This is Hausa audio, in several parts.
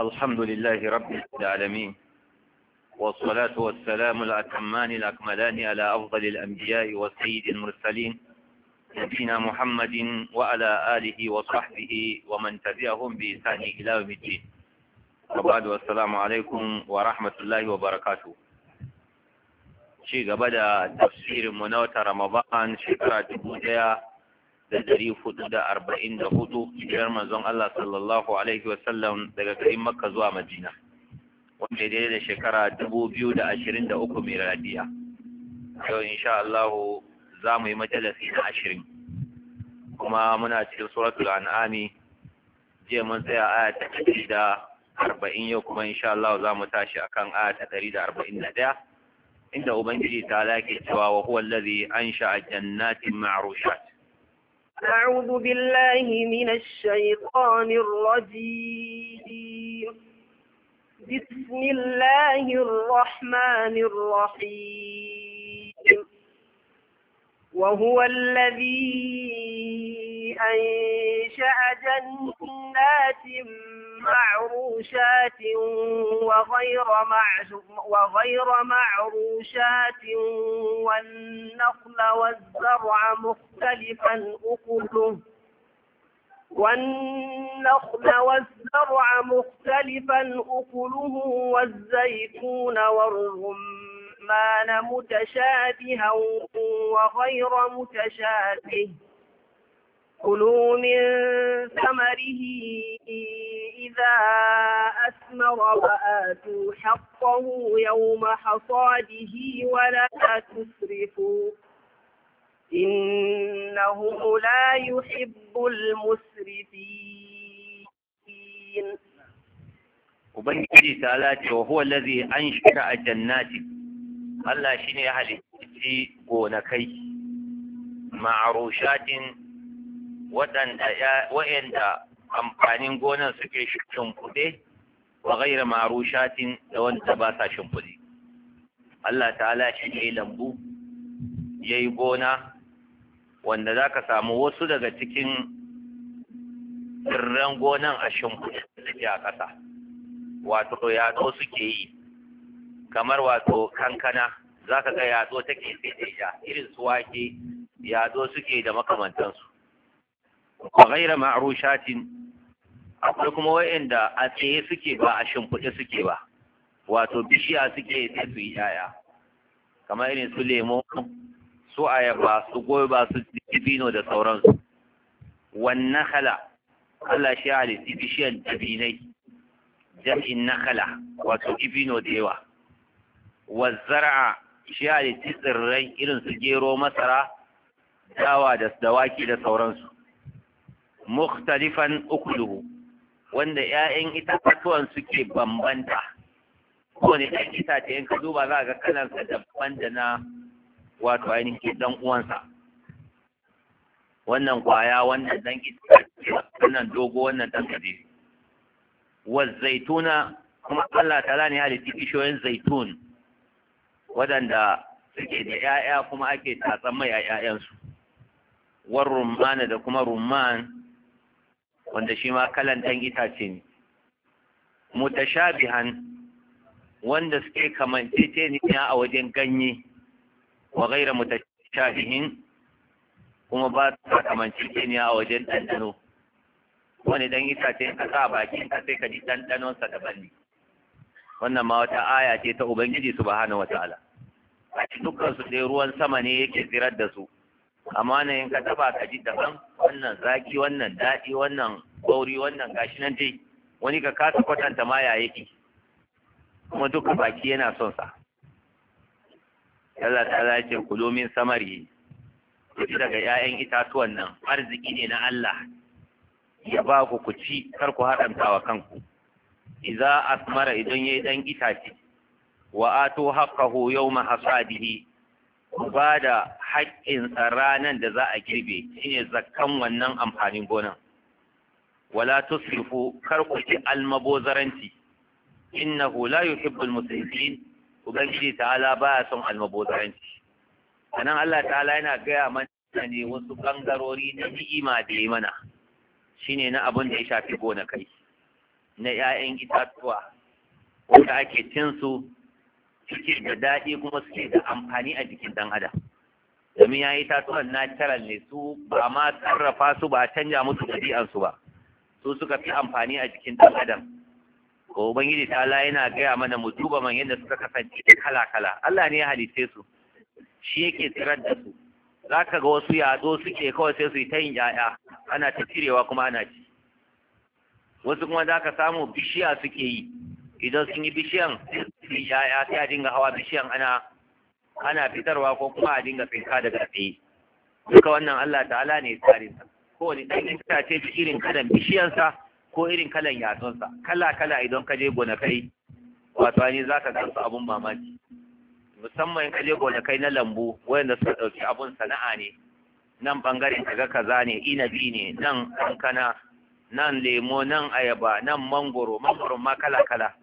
الحمد لله رب العالمين والصلاة والسلام الأتمان الأكملان على أفضل الأنبياء والسيد المرسلين نبينا محمد وعلى آله وصحبه ومن تبعهم بإحسان إلى يوم الدين وبعد والسلام عليكم ورحمة الله وبركاته شيء قبل تفسير منوت رمضان شكرا تبوتيا da dari hudu da arba'in da hudu biyar manzon Allah sallallahu alaihi wasallam daga garin Makka zuwa Madina wanda ya da shekara dubu biyu da ashirin da uku miladiya yau insha Allah za mu yi majalisi na ashirin kuma muna cikin suratul an'ami jiya mun tsaya aya ta ɗari da arba'in yau kuma insha Allah za mu tashi akan aya ta ɗari da arba'in da ɗaya inda ubangiji ta lake cewa wa huwa allazi ansha'a jannatin ma'rushat أعوذ بالله من الشيطان الرجيم بسم الله الرحمن الرحيم وهو الذي أنشأ جنات معروشات وغير وغير معروشات والنخل والزرع مختلفا أكله والنخل والزرع مختلفا أكله والزيتون والرمان متشابها وغير متشابه كلوا من ثمره إذا أثمر وآتوا حقه يوم حصاده ولا تسرفوا إنه لا يحب المسرفين Ubangiji ta ce wa huwa lazi an shira a jannati Allah shi ne ya halitti gonakai ma'arushatin waɗanda amfanin gonan suke shimfuɗe wa gaira marushatin da wanda ba sa shimfuɗe Allah ta'ala shi ne lambu ya yi gona wanda za ka samu wasu daga cikin tsirran gonan a shimfuɗe suke a ƙasa wato yaɗo suke yi kamar wato kankana za ka ga yaɗo take sai irin su wake yaɗo suke da makamantansu wa ghaira ma'rushatin akwai kuma da a tsaye suke ba a shimfiɗe suke ba wato bishiya suke tafi su yaya kamar irin su lemo su ayaba su goba su dibino da sauransu wannan hala Allah shi halitti bishiyan dabinai jam'in nakala wato dibino da yawa wa zar'a shi halitti tsirrai irin su gero masara dawa da dawaki da sauransu mukhtalifan ukuluhu wanda ‘ya'yan itatuwan suke bambanta ne ɗan itace in ka duba za ga ka daban da na wato ainihin dan uwansa wannan kwaya wannan dan itace wannan dogo wannan dan kaje wa zaituna kuma Allah ta ne halitti bishiyoyin zaitun waɗanda suke da ‘ya'ya kuma ake tatsan mai a ‘ya'yansu war rumman da kuma rumman wanda shi ma kalan ɗan itace ne mutashabihan wanda suke kamanceceniya a wajen ganye wa gaira mutashabihin kuma ba su kamanceceniya a wajen ɗanɗano wani ɗan itace ka sa bakin ka sai ka ji ɗanɗanonsa daban ne wannan ma wata aya ce ta ubangiji subhanahu wataala a dukkan su dai ruwan sama ne yake tsirar da su amma na yin ka taba ka ji daban wannan zaki wannan daɗi wannan gauri wannan gashi nan dai wani ka kasa kwatanta ma ya yake kuma duka baki yana son sa Allah ta ce kulo samari kuci daga 'ya'yan itatuwan nan arziki ne na Allah ya ba ku ku ci kar ku haɗanta wa kanku iza asmara idan yayi dan itace wa atu haqqahu yawma hasadihi ku ba da haƙƙin ranar da za a girbe shine zakkan wannan amfanin gonan wala tusrifu kar ku ci almabozaranci innahu la yuhibbul ta ubangiji ta'ala baya son almabozaranci anan Allah ta'ala yana gaya mana ne wasu bangarori na ni'ima da ya mana shine na abin da ya shafi gona kai. na 'ya'yan itatuwa wanda ake cin suke da daɗi kuma suke da amfani a jikin ɗan adam domin ya yi tatuwan natural ne su ba ma sarrafa su ba canja musu ɗabi'ansu ba su suka fi amfani a jikin ɗan adam ko ubangiji ta la yana gaya mana mu duba man yadda suka kasance kala kala Allah ne ya halitte su shi yake tsirar da su zaka ga wasu yazo suke kawai sai su yi ta yin yaya ana ta cirewa kuma ana ci wasu kuma zaka samu bishiya suke yi idan sun yi bishiyan yaya sai a dinga hawa bishiyan ana ana fitarwa ko kuma a dinga tsinka daga tsaye duka wannan Allah ta'ala ne ko kowane ɗan itace ce irin kalan bishiyansa ko irin kalan yatsunsa kala kala idan ka je gonakai wato ani za ka gansu abun mamaki musamman ka je gonakai na lambu wayanda suka ɗauki abun sana'a ne nan ɓangaren kaga kaza ne inabi ne nan kankana nan lemo nan ayaba nan mangoro mangoro ma kala kala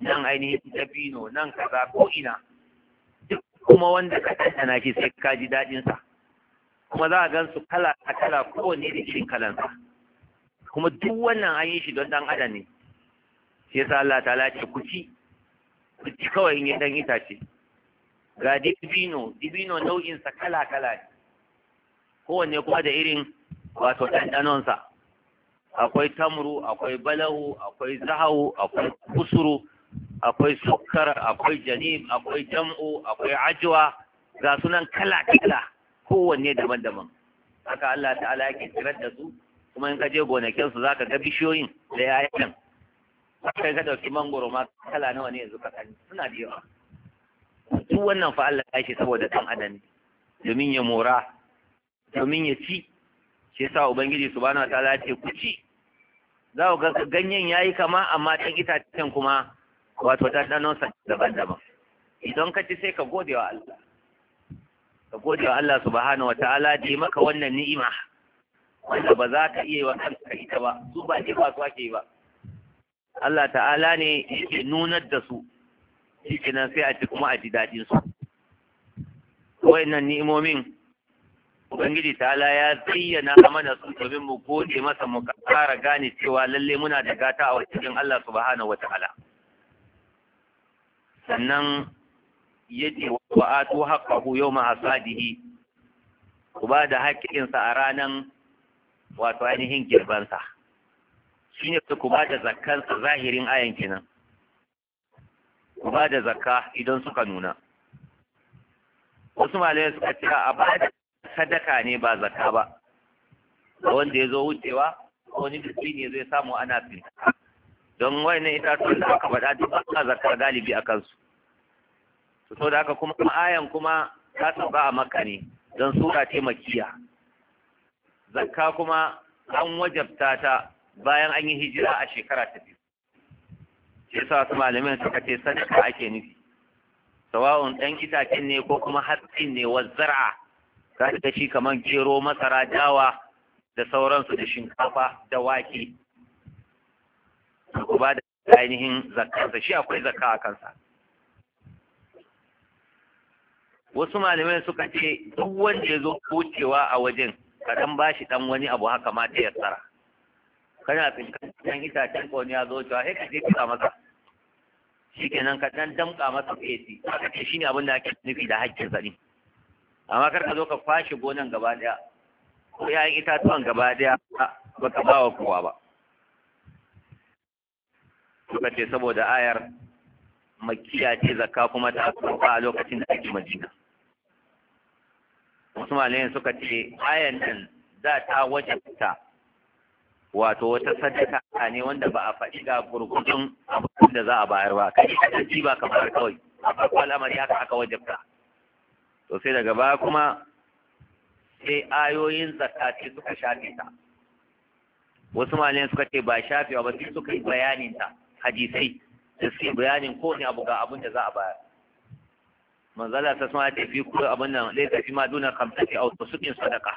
nan ainihin dabino nan kaza ko ina duk kuma wanda ka tantana shi sai ka ji daɗinsa kuma za a gan su kala a kala kowanne da irin kalansa kuma duk wannan an yi shi don dan adam ne shi yasa Allah ta lace ku ci ku ci kawai in ya dan itace ga dibino dibino nau'insa kala kala ne kowanne kuma da irin wato sa? akwai tamru akwai balahu akwai zahawu akwai kusuru akwai sukkar akwai janib akwai jam'u akwai ajwa ga sunan kala kala kowanne daban-daban haka Allah ta'ala yake tsirar da su kuma in ka je gonakin su zaka ga bishiyoyin da yayan kai ka dauki mangoro ma kala nawa ne yanzu ka sani suna da yawa duk wannan fa Allah ya shi saboda dan adam domin ya mora domin ya ci shi yasa ubangiji subhanahu wataala ya ce ku ci za ku ga ganyen yayi kama amma dan itacen kuma wato sa daban-daban idan ka ci sai ka gode wa Allah ka gode wa Allah subhanahu wa ta'ala da maka wannan ni'ima wanda ba za ka iya wa kanka ita ba su ba ce ba su ake ba Allah ta'ala ne yake nunar da su yake nan sai a ci kuma a ji daɗin su wayannan ni'imomin Ubangiji ta'ala ya zayyana mana su domin mu gode masa mu kara gane cewa lalle muna da gata a wajen Allah subhanahu wa ta'ala. sannan ya ce wa atu haqqahu yawma hasadihi ku ba da haƙƙinsa a ranan wato ainihin girbansa shi ne ku ba da zakkansa zahirin ayan kenan ku ba da zakka idan suka nuna wasu malamai suka ce a ba da sadaka ne ba zakka ba wanda ya zo wucewa wani biki ne zai samu ana tsinta don wayannan itatuwan da aka faɗa duk ba galibi a kansu to da haka kuma ayan kuma ta tsaba a makka ne don sura ce makiya zakka kuma an wajabta ta bayan an yi hijira a shekara ta biyu shi sa wasu malamin suka ce sadaka ake nufi sawa'un ɗan itacen ne ko kuma hatsin ne wa zar'a ka shi kamar gero masara dawa da sauransu da shinkafa da wake ku ba da ainihin zakarsa shi akwai zakka a kansa wasu malamai suka ce duk wanda ya zo kocewa a wajen ka ba shi dan wani abu haka ma ta yassara kana tsinkan itacen ko ne ya zo cewa sai ka je ka masa shikenan ka dan damka masa fesi haka ce shine abin da ake nufi da hakkin zani amma kar ka zo ka kwashe gonan gaba daya ko yayin itatuwan gaba daya ka ba wa kowa ba suka ce saboda ayar makiya ce zakka kuma ta asuba a lokacin da ake madina wasu malayan suka ce ayan nan za ta waje ta. wato wata sadaka ne wanda ba a faɗi ga gurgudun abin da za a bayar ba kai ka ci ba kamar kawai a farko al'amari haka aka ta to sai daga baya kuma sai ayoyin ce suka shafe ta wasu malayan suka ce ba shafewa ba sai suka yi bayanin ta hadisai da suke bayanin ko ne abu ga abin da za a bayar manzala ta sama ta fi kuma abin nan zai tafi ma duna kamtaki a sukin sadaka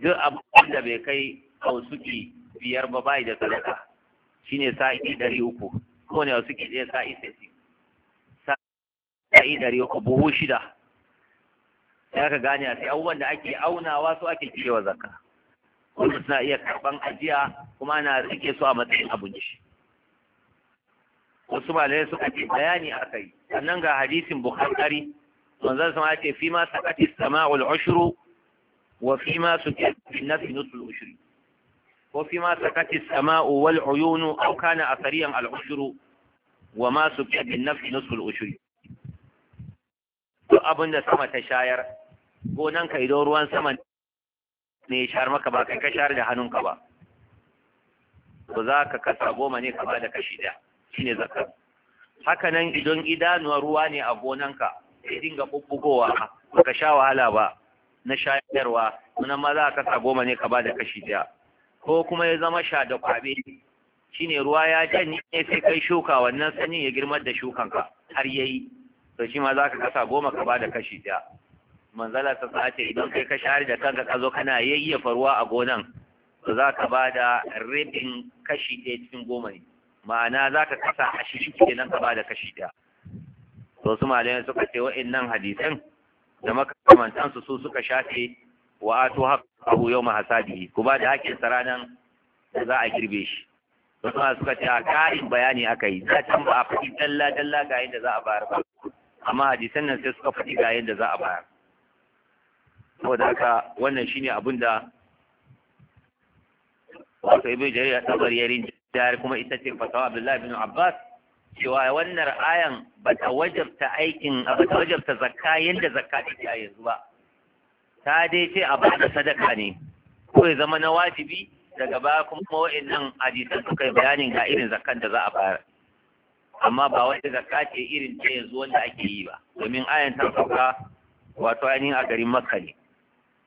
duk abin da bai kai a suki biyar ba bai da sadaka shine sa'i ɗari uku ko ne a suki ɗaya sa'i sai sa'i ɗari uku buhu shida ya ka gane a sai abubuwan da ake aunawa su ake cewa zakka wanda suna iya karɓan ajiya kuma na rike su a matsayin abinci wasu malamai suka ce bayani aka yi sannan ga hadisin bukhari manzon sama ce fi ma sakati sama'ul ushru wa fi ma sukat fi nafi nusul ushri wa fi ma sakati sama'u wal uyunu aw kana athariyan al ushru wa ma sukat fi nafi nusul ushri duk abin sama ta shayar gonan ka idan ruwan sama ne ya shayar maka ba kai ka shayar da hannunka ba Ko za ka kasa goma ne ka ba da kashi daya shine zakka haka nan idan idanuwa ruwa ne a gonanka sai dinga bubbugowa baka sha wahala ba na shayarwa nan ma za ka kasa goma ne ka ba da kashi daya ko kuma ya zama sha da kwabe shine ruwa ya janye sai kai shuka wannan sanin ya girmar da shukanka har yayi to shi ma za ka kasa goma ka ba da kashi daya manzala ta sace idan kai ka share da kanka ka zo kana yayyafa ruwa a gonan za ka ba da rabin kashi ɗaya cikin goma ne ma'ana za ka kasa a ashirin nan ka ba da kashi ɗaya to su malamai suka ce nan hadisan da makamantansu su suka shafe wa haka haƙahu yau mahasabi ku ba da haƙƙin sa ranar da za a girbe shi wasu ma suka ce a ƙarin bayani aka yi za can ba a faɗi dalla dalla ga yadda za a bayar ba amma hadisan nan sai suka faɗi ga yadda za a bayar saboda haka wannan shine abin da wato ibn jarir ya tabar yarin da kuma ita ce fatawa Abdullahi bin Abbas cewa wannan ayan ba ta wajabta aikin ba ta wajabta zakka yanda zakka take a yanzu ba ta dai ce a bada sadaka ne ko ya zama na wajibi daga baya kuma wa'annan hadisan suka yi bayanin ga irin zakkan da za a bayar amma ba wata zakka ce irin ta yanzu wanda ake yi ba domin ayan ta sauka wato ainihin a garin Makka ne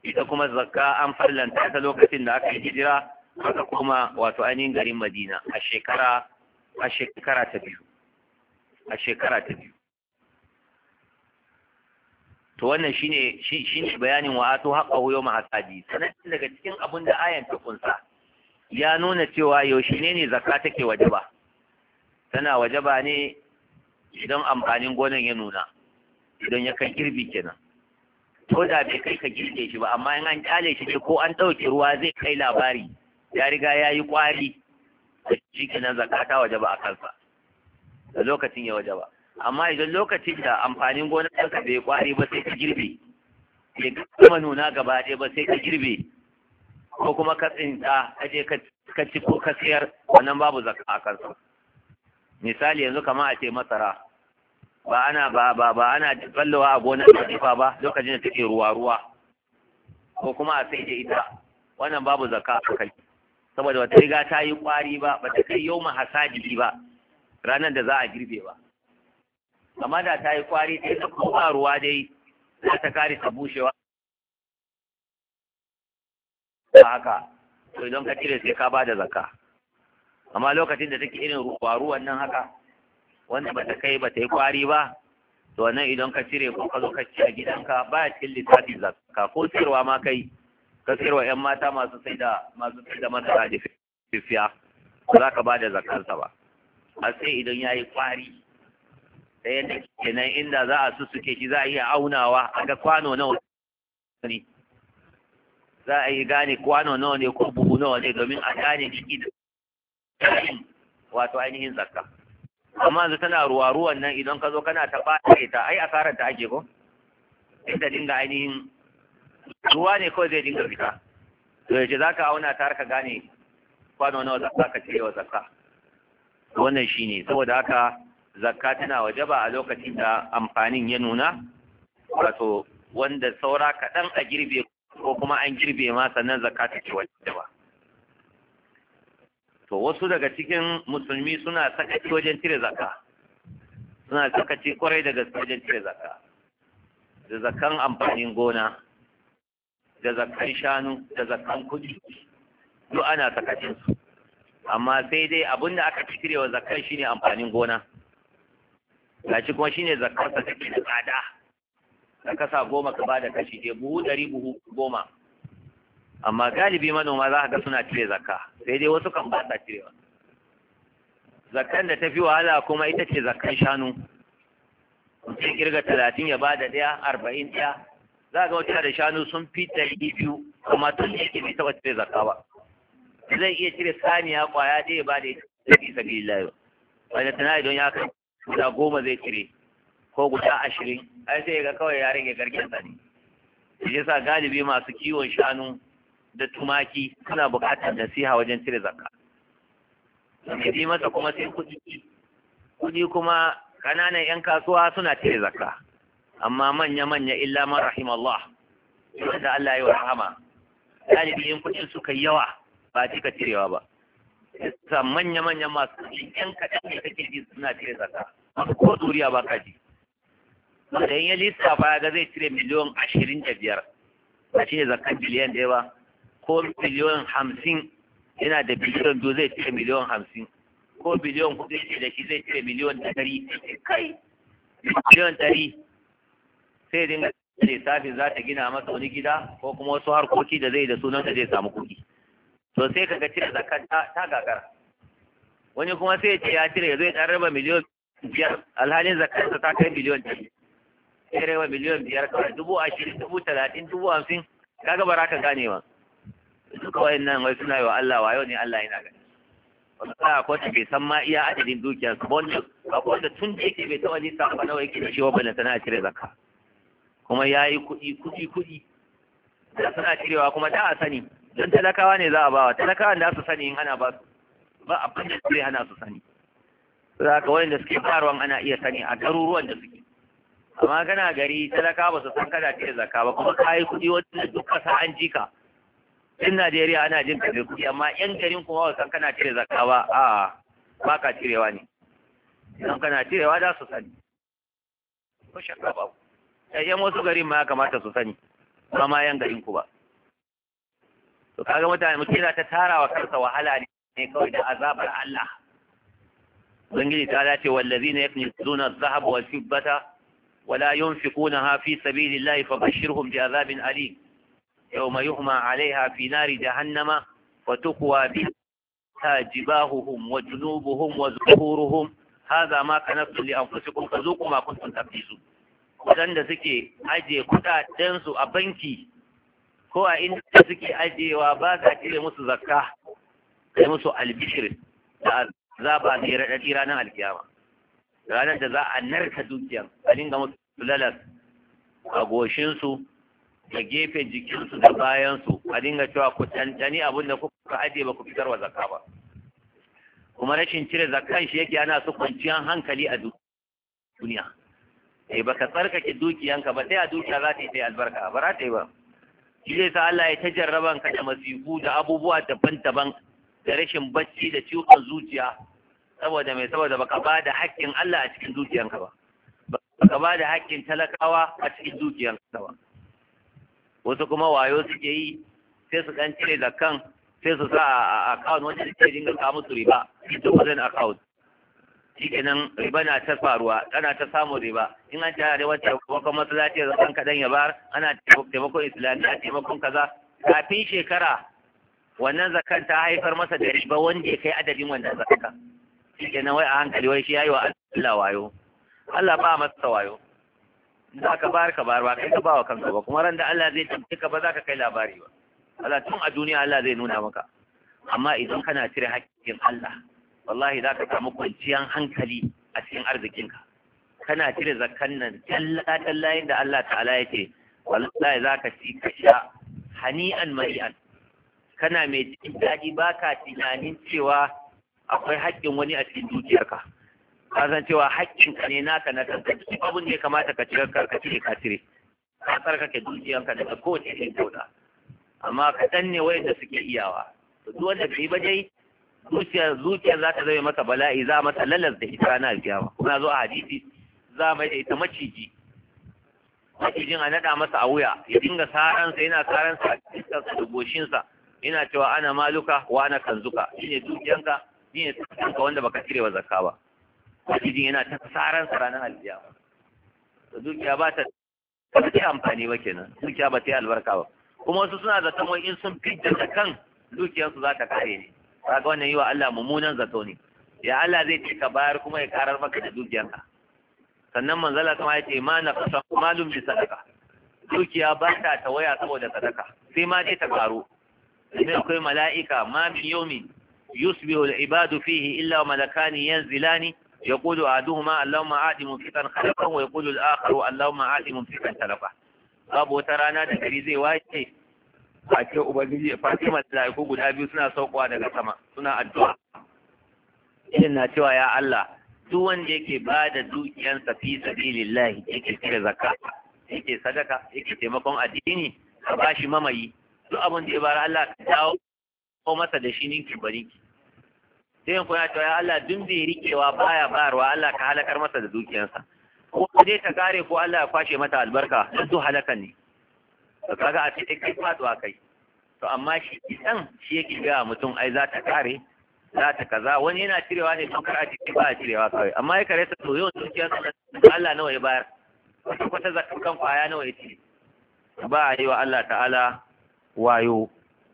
ita kuma zakka an fallanta ta lokacin da aka yi hijira aka kuma wato ainihin garin madina a shekara a shekara ta biyu a shekara ta biyu to wannan shine shine bayanin wa ato haqa huyo ma hasadi sanan daga cikin abin da ayan ta kunsa ya nuna cewa yaushe ne ne zakka take wajaba tana wajaba ne idan amfanin gonan ya nuna idan ya kai girbi kenan ko da bai kai ka girbe shi ba amma in an kyale shi ko an ɗauke ruwa zai kai labari ya riga ya yi kwari da shi kenan zakata waje ba a kansa da lokacin ya waje ba amma idan lokacin da amfanin gonar ka bai kwari ba sai ka girbe bai kuma nuna gaba ɗaya ba sai ka girbe ko kuma ka tsinta ka je ka ci ko ka siyar wannan babu zakka a kansa misali yanzu kama a ce masara ba ana ba ba ba ana tsallowa a gonar katifa ba lokacin da take ruwa ruwa ko kuma a sai da ita wannan babu zakka a kai saboda wata riga ta yi kwari ba ba ta kai yau hasadi ba ranar da za a girbe ba amma da ta yi kwari ta yi ta kuma ruwa dai za ta kare ta bushewa ba haka to idan ka cire sai ka ba da zaka, amma lokacin da take irin ruwa ruwan nan haka wanda ba ta kai ba ta yi kwari ba to nan idan ka cire ko ka zo ka ci a gidanka ba ya cikin lissafin zaka, ko cirewa ma kai ka wa yan mata masu sai da masu sai da mata da fifiya ba za ka ba da zakarsa ba a sai idan ya yi kwari yadda ke nan inda za a suke shi za a iya aunawa a ga kwano nawa ne za a yi gane kwano nawa ne ko buhu nawa ne domin a gane ciki da wato ainihin zakka amma yanzu tana ruwa ruwan nan idan ka zo kana ta ɓata ita ai a karanta ake ko inda dinga ainihin ruwa ne kawai zai dinga fita to yace za ka auna ta har ka gane kwano nawa za ka cire wa zakka wannan shine saboda haka zakka tana wajaba a lokacin da amfanin ya nuna wato wanda saura kaɗan a girbe ko kuma an girbe ma sannan zakka ta ce wajaba to wasu daga cikin musulmi suna sakaci wajen cire zakka suna sakaci kwarai da gaske wajen cire zakka da zakkan amfanin gona da zakkan shanu da zakkan kuɗi duk ana sakacin su amma sai dai abin da aka cikire wa zakkan shine amfanin gona gashi kuma shine zakar sa take da tsada da kasa goma ka bada kashi ɗaya buhu ɗari buhu goma amma galibi manoma za ka ga suna cire zakka sai dai wasu kan ba sa cirewa zakkan da ta fi wahala kuma ita ce zakkan shanu mutum kirga talatin ya bada ɗaya arba'in ɗaya za ga wata da shanu sun fi ɗari biyu kuma tun da yake bai taɓa cire zakka ba zai iya cire saniya kwaya ɗaya ba da ya fi sabi ba wanda tana don ya kai guda goma zai cire ko guda ashirin ai sai ga kawai ya rage garken sa ne ya sa galibi masu kiwon shanu da tumaki suna buƙatar nasiha wajen cire zakka mai bi masa kuma sai kuɗi kuɗi kuma ƙananan 'yan kasuwa suna cire zakka amma manya-manya illa man rahim Allah wanda Allah ya rahama galibi in kuɗin suka yawa ba cika cirewa ba sa manya manya masu 'yan ƴan kaɗan ne kake ji suna cire zaka masu ko duriya ba ka ji da ya lissafa ga zai cire miliyon ashirin da biyar a ce zakan biliyan ɗaya ba ko miliyon hamsin yana da biliyon biyu zai cire miliyon hamsin ko biliyon kuɗi da shi zai cire miliyon ɗari kai miliyon ɗari sai dinga lissafi za ta gina masa wani gida ko kuma wasu harkoki da zai da sunanta zai samu kuɗi to sai kaga cire zakat ta gagara wani kuma sai ce ya cire zai dan raba miliyon biyar alhalin zakat ta kai miliyon ɗari sai raba miliyon biyar kawai dubu ashirin dubu talatin dubu hamsin kaga ba za ka gane ba duka wayannan wai suna yi wa Allah wayo ne Allah yana gani wasu kaya ko ta bai san ma iya adadin dukiyarsa ba wanda tun da yake bai taɓa lissa ba nawa yake da shi wa bane sana'a cire zakka kuma ya yi kuɗi kuɗi kuɗi da suna cirewa kuma ta a sani don talakawa ne za a bawa Talakawa da su sani in ana ba su ba a da zai hana su sani za ka da suke faruwan ana iya sani a garuruwan da suke amma gana gari talakawa ba su san kada cire zaka ba kuma ka yi kuɗi da duk kasa an ji ka in Najeriya ana jin ka kuɗi amma yan garin kuma ba san kana cire zaka ba a ba ka cirewa ne don kana cirewa za su sani ko shakka babu yan wasu garin ma ya kamata su sani ba ma yan garin ku ba to kaga mutane mu kira ta tara wa kansa wahala ne kawai da azabar Allah ubangiji ta dace wallazina yaknizuna adh-dhahaba wal fiddata ولا ينفقونها في سبيل الله فبشرهم بعذاب أليم يوم يهمى عليها في نار جهنم وتقوى بها جباههم وجنوبهم وزهورهم هذا ما كنتم لأنفسكم فذوقوا ما كنتم تبتزون waɗanda suke ajiye kuɗaɗensu a banki ko a inda suke ajiyewa ba za a cire musu zakka sai musu albishir da azaba mai raɗaɗi ranar alkiyama ranar da za a narka dukiyar a dinga musu lalas a goshinsu da gefe jikinsu da bayansu a dinga cewa ku tantani abin da kuka ajiye ba ku fitar wa zakka ba kuma rashin cire zakkan shi yake ana su kwanciyar hankali a duniya eh baka tsarkake dukiyanka ba sai a dukiya za ta yi albarka ba za ta yi ba shi zai sa Allah ya ta jarraban ka da masifu da abubuwa daban-daban da rashin bacci da ciwon zuciya saboda mai saboda baka ba da haƙƙin Allah a cikin dukiyanka ba baka ba da haƙƙin talakawa a cikin dukiyanka ba wasu kuma wayo suke yi sai su kan cire kan sai su sa a account wanda suke dinga kawo musu riba duk wajen account shikenan riba na ta faruwa ana ta samun riba in an ta wata wata masallaci da zan kaɗan ya bar? ana taimakon islamiyya taimakon kaza kafin shekara wannan zakan ta haifar masa da riba wanda ya kai adadin wanda zakka shikenan wai a hankali wai shi yayi wa Allah wayo Allah ba masa wayo za ka bar ka bar ba kai ka ba wa kanka ba kuma ran da Allah zai tambaye ka ba za ka kai labari ba Allah tun a duniya Allah zai nuna maka amma idan kana cire haƙƙin Allah wallahi za ka samu kwanciyar hankali a cikin arzikinka kana cire zakkan nan layin da Allah ta'ala ya ce wallahi za ka ci ka sha hani'an mari'an kana mai cikin daɗi ba ka tunanin cewa akwai haƙƙin wani a cikin dukiyarka ka san cewa haƙƙinka ne naka na kanka abin ya kamata ka cire ka cire ka cire ka tsarkake dukiyarka daga kowace irin kyauta amma kaɗan ne wayanda suke iyawa to duk wanda bai ba dai zuciya zuciyar za ta zama masa bala'i za mata lalas da ita na alkiyama kuna zo a hadisi za mai da ita maciji macijin a naɗa masa a wuya ya dinga saransa yana saransa a cikinsa da yana cewa ana maluka wa ana kanzuka shine dukiyanka shine tsakanka wanda baka cire wa zakka ba macijin yana ta saransa ranar alkiyama zuciya ba ta ba ta amfani ba kenan dukiya ba ta yi albarka ba kuma wasu suna zaton wai in sun fidda zakan dukiyarsu za ta kare ne kaga wannan yi wa Allah mummunan zato ne ya Allah zai ce ka bayar kuma ya karar maka da dukiyarka. sannan manzala kuma ya ce ma na kasa malum bi sadaka dukiya ba ta tawaya saboda sadaka sai ma dai ta karo domin akwai mala'ika ma min yomi yusbihu al-ibadu fihi illa malakani yanzilani يقول أحدهما اللهم آت ممسكا خلفا ويقول الآخر اللهم آت ممسكا تلفا babu wata rana da gari zai wace a ce ubangiji ya fati malaiku guda biyu suna saukowa daga sama suna addu'a irin na cewa ya Allah duk wanda yake ba da dukiyansa fi sabilillahi yake cire zakka yake sadaka yake taimakon addini ka bashi mamayi duk abin da ya bar Allah ka dawo ko masa da shi ninki bariki sai yanku ya cewa Allah duk bai rikewa baya bayarwa Allah ka halakar masa da dukiyansa ko dai ta kare ko Allah ya kwashe mata albarka duk halakar ne kaga a cikin kai faduwa kai to amma shi idan shi yake ga mutum ai za ta kare za ta kaza wani yana cirewa ne don kar a cikin ba a cirewa kai. amma ya kare ta to yau kiyan Allah nawa ya bayar wata kwata kan kwaya nawa ya ci ba a yi wa Allah ta'ala wayo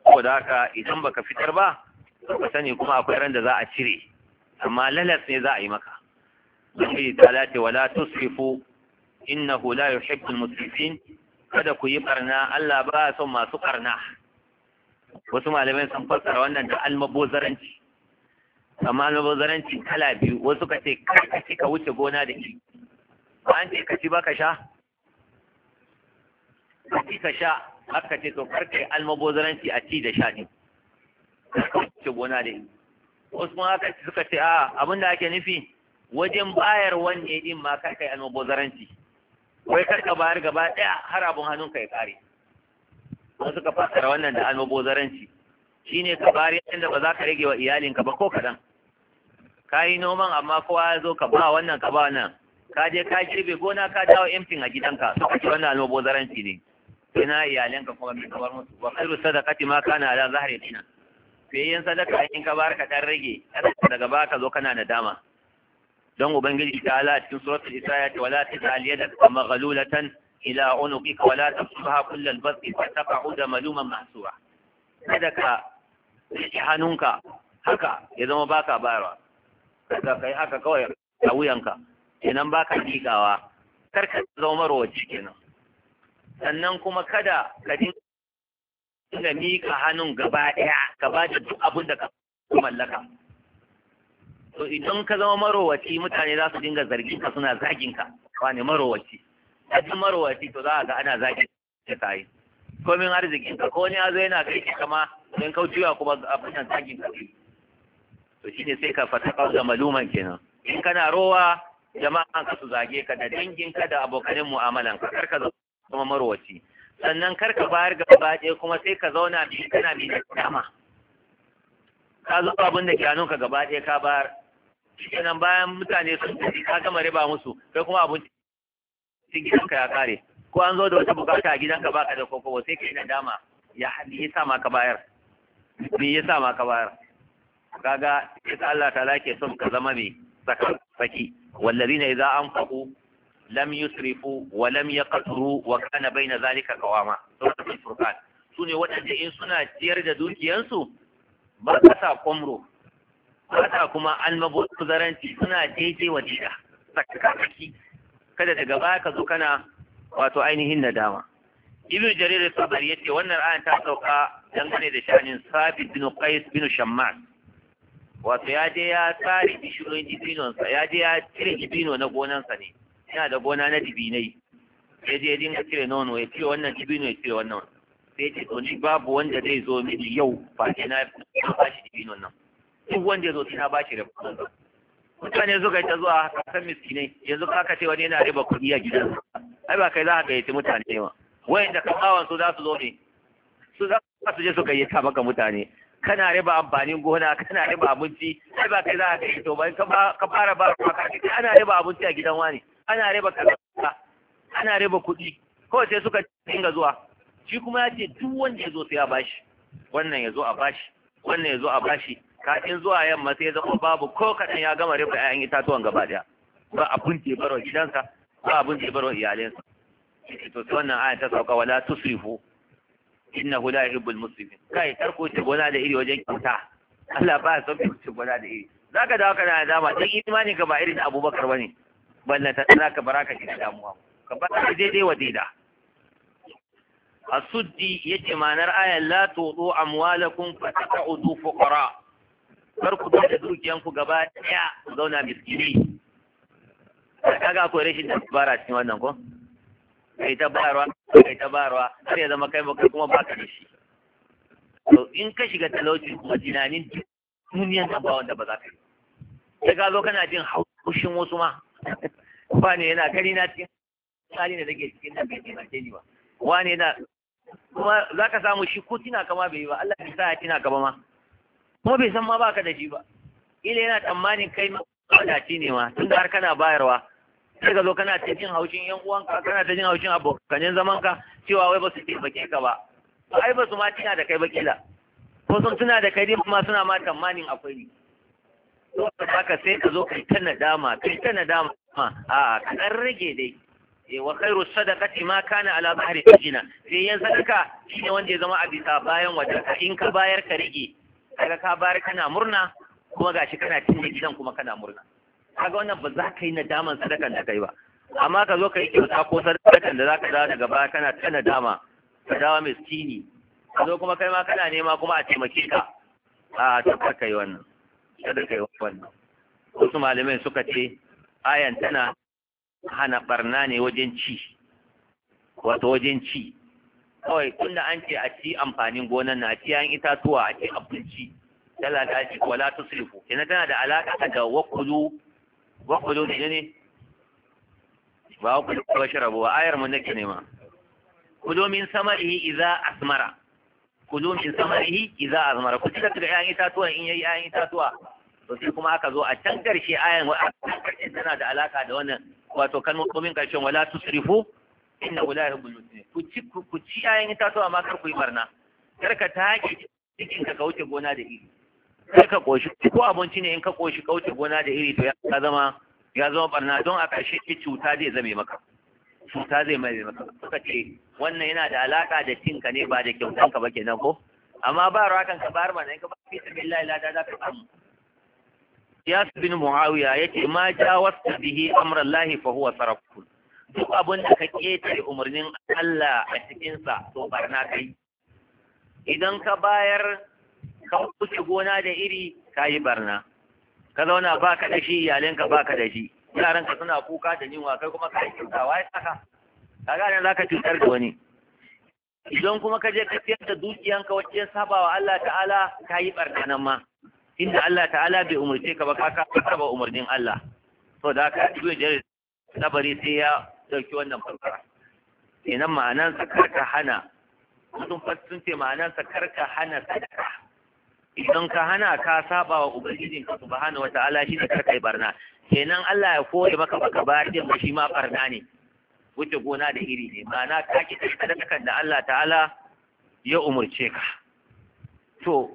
Ko da haka idan baka fitar ba ka sani kuma akwai ran da za a cire amma lalas ne za a yi maka don ta'ala ta wala tusrifu innahu la yuhibbul musrifin kada ku yi barna Allah ba son masu barna wasu malamai sun fassara wannan da almabozaranci amma almabozaranci kala biyu wasu ka ce ka ka wuce gona da shi an ce ka ci ba ka sha ka ci ka sha haka ce to kar kai almabozaranci a ci da sha ne ka wuce gona da shi wasu ma haka suka ce a abin da ake nufi wajen bayar wanne din ma kar kai almabozaranci wai kar ka bayar gaba ɗaya har abun hannunka ya ƙare wasu suka fassara wannan da Shi shine ka bari yadda ba za ka rage wa iyalinka ba ko kaɗan ka yi noman amma kowa ya zo ka ba wannan ka ba nan. ka je ka girbe gona ka dawo emtin a gidanka suka ce wannan zaranci ne ina iyalinka kuma mai kamar musu wa kalbu sadaqati ma kana ala zahri dina yin sadaka in ka bar ka dan rage daga ba ka zo kana nadama don ubangiji ta ala cikin suratul isa ya ce wala taj'al yadaka maghlulatan ila ka wala tabsutha kullal basti da maluman masu mahsura kada ka rike hannunka haka ya zama baka bayarwa kada yi haka kawai a wuyanka kenan baka miƙawa kar ka zama marwaci kenan sannan kuma kada ka dinga miƙa hannun gaba ɗaya ka ba da duk abin da ka mallaka to idan ka zama marowaci mutane za su dinga zargin ka suna zagin ka ne marowaci ajin marowaci to za a ga ana zagin ka yi. komin arzikin ka ko ne ya zo yana kai kama don kaucewa kuma abin nan zagin ka to shine sai ka fata da maluman kenan in kana rowa jama'an ka su zage ka da dangin ka da abokanin mu'amalan ka Kar ka zama marowaci. sannan kar ka bayar ga baje kuma sai ka zauna bi kana bi da dama ka zo abin da kyanun ka gaba ɗaya ka bayar kenan bayan mutane sun tafi ka gama riba musu kai kuma abinci gidanka ya kare ko an zo da wata bukata a gidanka baka da koko sai kai na dama ya yasa sa maka bayar ni ya sa maka bayar kaga ita Allah ta lake son ka zama mai saka saki wallazina idza anfaqu lam yusrifu wa lam yaqtaru wa kana baina zalika qawama sura furqan sune wadanda in suna ciyar da dukiyansu ba ka sa komro fata kuma an mabuzaranci suna daidai wa dida tsakakaki kada daga baya ka zo kana wato ainihin nadama ibn jarir sabari yace wannan ayan ta sauka dangane da shanin sabit bin qais bin shammas wato ya je ya tsare bishiyoyin dibinonsa ya je ya cire dibino na gonansa ne yana da gona na dibinai ya je ya dinga cire nono ya cire wannan dibino ya cire wannan sai ya ce to ni babu wanda zai zo mini yau ba ke na ba shi dibinon nan duk wanda ya zo sai na ba shi rabu mutane suka yi ta zuwa kasan miskinai yanzu ka aka ce wani yana riba kuɗi a gidan ai ba kai za ka gayyaci mutane ba wayan ka kasawan su za su zo ne su za su je su gayyata maka mutane kana riba amfanin gona kana riba abinci ai ba kai za ka to bai ka fara ba ka ce ana riba abinci a gidan wani ana riba kaza ana riba kuɗi kawai sai suka dinga zuwa shi kuma ya ce duk wanda ya zo sai a bashi wannan ya zo a bashi wannan ya zo a bashi kafin zuwa yamma sai zama babu ko kaɗan ya gama rufe ayan itatuwan gaba ɗaya ba abun baro gidansa ba abun baro iyalinsa to sai wannan ayan ta sauka wala tusrifu innahu la yuhibbul musrifin kai tarko ta gona da iri wajen kyauta Allah ba ya son ta gona da iri zaka dawo kana da dama dan imani ka ba irin da Abubakar bane balla ta ka baraka ki damuwa ka ba dai daidai wa daida as-suddi yace manar ayan la tudu amwalakum fa ta'udu fuqara kar ku da dukiyanku gaba daya ku zauna miskini kaga akwai rashin da bara cikin wannan ko kai ta barwa kai ta barwa har ya zama kai ba kuma baka da shi to in ka shiga talauci kuma tunanin duniyan nan ba wanda ba za ka yi sai ka zo kana jin haushin wasu ma ba ne yana gani na cikin tsari da take cikin nan bai taimake ni ba wani yana kuma za ka samu shi ko tina kama bai yi ba Allah bai sa ya tina kama ma kuma bai san ma baka da shi ba ila yana tsammanin kai ma ci ne ma tunda har kana bayarwa sai ka zo kana ta jin haushin yan uwanka kana ta jin haushin abokanin zamanka cewa wai ba su taimake ka ba ai ba su ma tuna da kai ba kila ko sun tuna da kai dai kuma suna ma tsammanin akwai ne to baka sai ka zo kai ta nadama kai ta nadama a kan rage dai eh, wa khairu sadaqati ma kana ala bahri tajina sai yan sadaka shine wanda ya zama a bisa bayan wadaka in ka bayar ka rage kaga ka bari kana murna kuma gashi kana cinye gidan kuma kana murna kaga wannan ba za ka yi na nadaman sadakan da kai ba amma ka zo ka yi kyauta ko sadakan da za ka dawo daga baya kana ta nadama ka dawo miskini ka zo kuma kai ma kana nema kuma a taimake ka a ta ka yi wannan kada ka yi wannan wasu malamai suka ce ayan tana hana barna ne wajen ci wato wajen ci kawai da an ce a ci amfanin gonan na ci yan itatuwa a ci abinci tana ta ci wala sulfu kina tana da alaka da wakulu wakulu ne ne ba wakulu ko sharabu ayar mun nake nema kulu min samarihi idza asmara kulu min samarihi idza asmara ku ci daga yan itatuwa in yayi yan itatuwa to sai kuma aka zo a can karshe ayan tana da alaka da wannan wato kalmomin karshen wala tusrifu inna wala yuhibbul ku ci ku ci ayan itatuwa amma kar ku yi barna kar ka take cikin ka kauce gona da iri kar ka koshi ko abinci ne in ka koshi kauce gona da iri to ya zama ya zama barna don a ƙarshe cuta zai zame maka cuta zai mai maka suka ce wannan yana da alaƙa da cinka ne ba da kyautan ka ba kenan ko amma ba rakan ka bar mana in ka ba fi billahi la da ka samu Yas bin Muawiya yake ma wasta bihi amrallahi fa huwa sarakun duk abin da ka ƙetare umarnin Allah a cikinsa to barna kai idan ka bayar ka wuce gona da iri ka yi barna ka zauna ba ka da shi iyalinka ba ka da shi yaranka suna kuka da yunwa kai kuma ka yi kyautawa ya saka ka gane za ka cutar da wani idan kuma ka je ka siyar da dukiyanka wajen saba wa Allah ta'ala ka yi barna nan ma inda Allah ta'ala bai umarce ka ba ka ka saba umarnin Allah to da haka ibn jarir tabari sai ya ɗauki wannan fassara kenan ma'anansa karka hana sun sun ce ma'anansa karka hana sadaka idan ka hana ka saba wa ubangijin ka subhanahu wata'ala shi ne karka yi barna kenan Allah ya koya maka baka bayar din ba shi ma barna ne wuce gona da iri ne ma'ana ka ki sadaka da Allah ta'ala ya umurce ka to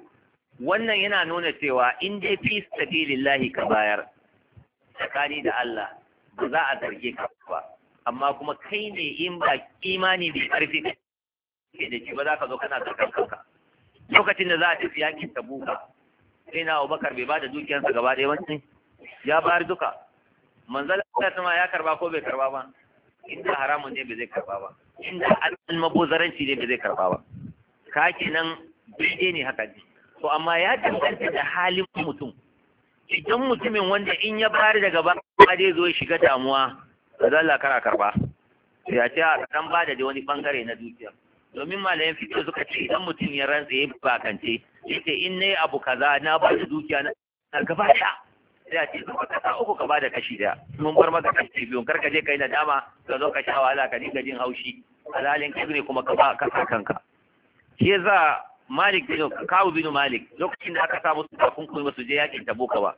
wannan yana nuna cewa in dai fi sabilillahi ka bayar tsakani da Allah ba za a zarge ka ba amma kuma kai ne in ba imani mai karfi ke da shi ba za ka zo kana zargar kanka lokacin da za a tafi yakin tabuka sai na bakar bai ba da dukiyarsa gaba ɗaya wani ya bayar duka da ta ya karba ko bai karba ba inda haramun ne bai zai karba ba inda almabozaranci ne bai zai karba ba ka ke nan daidai ne haka ne to amma ya danganta da halin mutum idan mutumin wanda in ya bayar daga ba zai zo ya shiga damuwa ka zalla kara karba ya ce a dan ba da wani bangare na dukiya domin malayan fito suka ce idan mutum ya rantsa ya bakance ya ce in ne abu kaza na ba da dukiya na gaba ɗaya ya a ce zuwa kasa uku ka ba da kashi ɗaya mun bar maka kashi biyu kar ka je kai dama. ka zo ka sha wahala ka dinga jin haushi alhalin kai ne kuma ka ba ka sa kanka shi yasa Malik bin Kawu bin Malik lokacin da aka sa musu takunkumi ba su je yakin Tabuka ba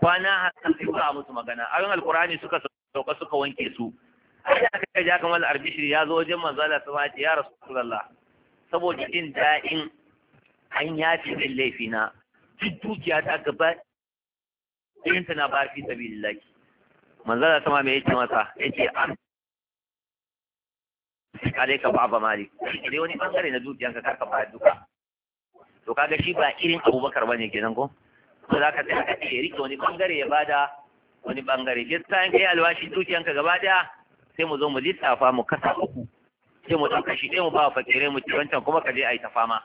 kwana hasan sai ba musu magana Ayon alkurani suka sauka suka wanke su ai ka aka ja kamar arbishir ya zo wajen Manzala Allah sama ya ce ya rasulullah saboda jin da'in an yafi min laifina duk dukiya ta gaba ɗayan ta na ba fi sabilillahi manzo Allah sama mai yake masa ce an alaika ba mali dai wani bangare na dukiyanka ka ba duka to kaga shi ba irin Abubakar bane kenan ko to zaka tsaya ka ce rike wani bangare ya bada wani bangare shi ta in kai alwashi dukiyanka gaba daya sai mu zo mu lissafa mu kasa uku sai mu ɗan shi ɗaya mu ba fakire mu ci wancan kuma ka je a yi ta fama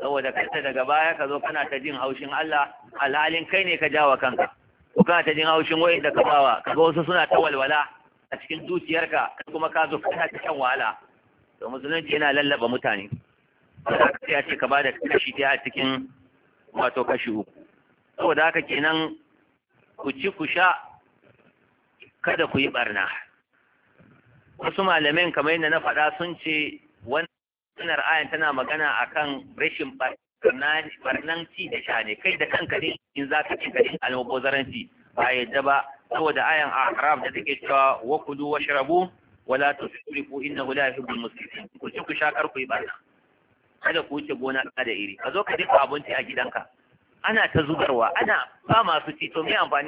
saboda ta daga baya ka zo kana ta jin haushin Allah alhalin kai ne ka jawa kanka ko kana ta jin haushin Wai da ka bawa ga wasu suna ta walwala a cikin dukiyarka, zuciyarka kuma ka zo kana ta shan wahala to musulunci yana lallaba mutane sai ya ce ka bada kashi ta a cikin wato kashi uku saboda haka kenan ku ci ku sha kada ku yi barna wasu malamin kamar yadda na faɗa sun ce wannan ayan tana magana akan rashin barnan ci da sha ne kai da kanka ne in za ka ci ka ci zaranci ba yadda ba saboda ayan arab da take cewa wa kudu wa sharabu wala tusrifu innahu la yuhibbul musrifin ku ci ku sha kar ku yi barna kada ku wuce gona da iri ka zo ka dafa abinci a gidanka ana ta zubarwa ana ba masu ci to me sa ba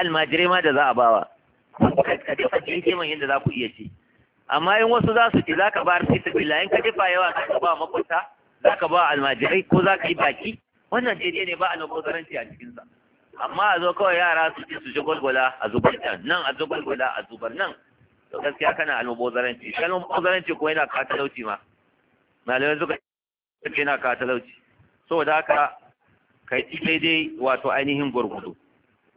almajirai ma da za a bawa ka dafa daidai man yadda za ku iya ci amma in wasu za su ci za ka bayar fita bila in ka dafa yawa za ka ba makwabta za ka ba almajirai ko za ka yi baki wannan daidai ne ba a garanti a cikinsa amma a zo kawai yara su ci su ji gwalgwala a zubar can nan a zubar gwala a zubar nan to gaskiya kana almabazaranci almabazaranci ko yana kawo lauci ma malamai suka ce yana kawo lauci. saboda haka kai daidai wato ainihin gurgudu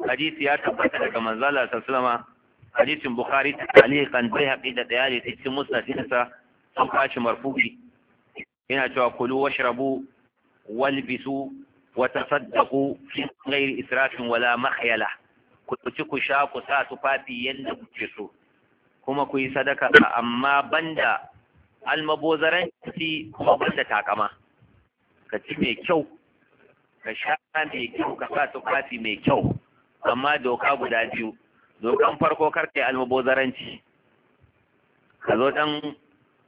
hadisi ya tabbata daga manzala sallama hadisin bukhari taliqan bai haƙi da dayali cikin musnadinsa sun kashi marfuki yana cewa kulu washrabu walbisu wa tasaddaqu fi ghairi israfin wala makhyala ku ci ku sha ku sa tufafi yadda kuke so kuma ku yi sadaka amma banda almabozaranci kuma banda takama ka ci mai kyau ka sha mai kyau ka sa tufafi mai kyau amma doka guda biyu dokan farko karka yi almubozaranci ka zo dan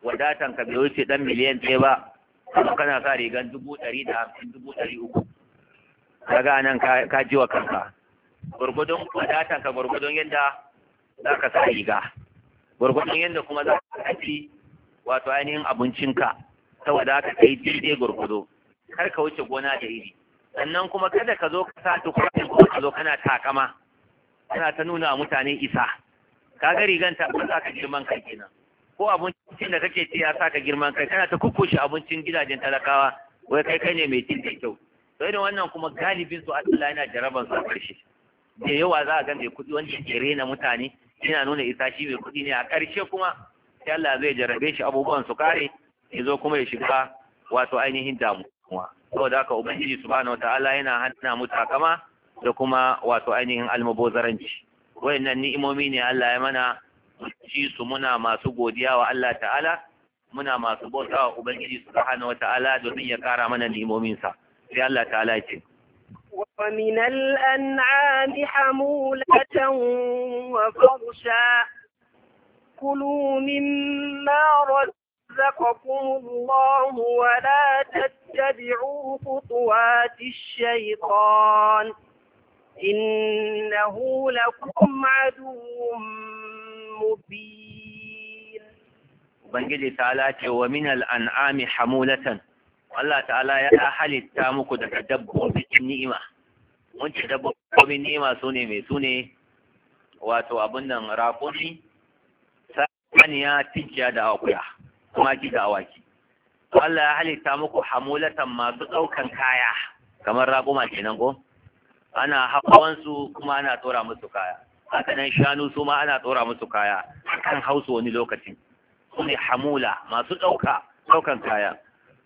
wadatan ka bai wuce dan miliyan ɗaya ba kuma kana sa rigan dubu ɗari da hamsin dubu ɗari uku ga nan ka ji wa kanka gwargwadon wadatan ka gwargwadon yadda za ka sa riga gwargwadon yadda kuma za ka ci wato ainihin abincinka ta wadata ka yi daidai gwargwado kar ka wuce gona da iri sannan kuma kada ka zo ka sa tukurin ko ka zo kana takama kana ta nuna mutane isa ka ga rigan ta ba za ka girman kai kenan ko abincin da kake ci ya sa ka girman kai kana ta kukkushe abincin gidajen talakawa wai kai kai ne mai cin da kyau Sai da wannan kuma galibin su Allah yana jaraban su a karshe da yawa za a ga mai kudi wanda ke rena mutane yana nuna isa shi mai kudi ne a ƙarshe kuma sai Allah zai jarabe shi abubuwan su kare ya zo kuma ya shiga wato ainihin damu kuma saboda haka ubangiji subhanahu wataala yana hana mu takama da kuma wato ainihin almubozaranci wayannan ni'imomi ne Allah ya mana ci su muna masu godiya wa Allah ta'ala muna masu bauta wa ubangiji subhanahu wataala domin ya kara mana sa sai Allah ta'ala ya ce ومن الأنعام حمولة وفرشا كلوا مما رزقناكم رزقكم الله ولا تتبعوا خطوات الشيطان إنه لكم عدو مبين بنجلي تعالى ومن الأنعام حمولة والله تعالى يا أهل التامك تدبر بالنعمة mun ci dabbobin nema su ne mai su ne wato abin nan rakumi saniya tijiya da akuya tumaki da awaki Allah ya halitta muku hamulatan masu ɗaukan kaya kamar raƙuma kenan ko ana su kuma ana tsora musu kaya haka nan shanu su ma ana tsora musu kaya kan hausu wani lokacin su ne hamula masu ɗauka ɗaukan kaya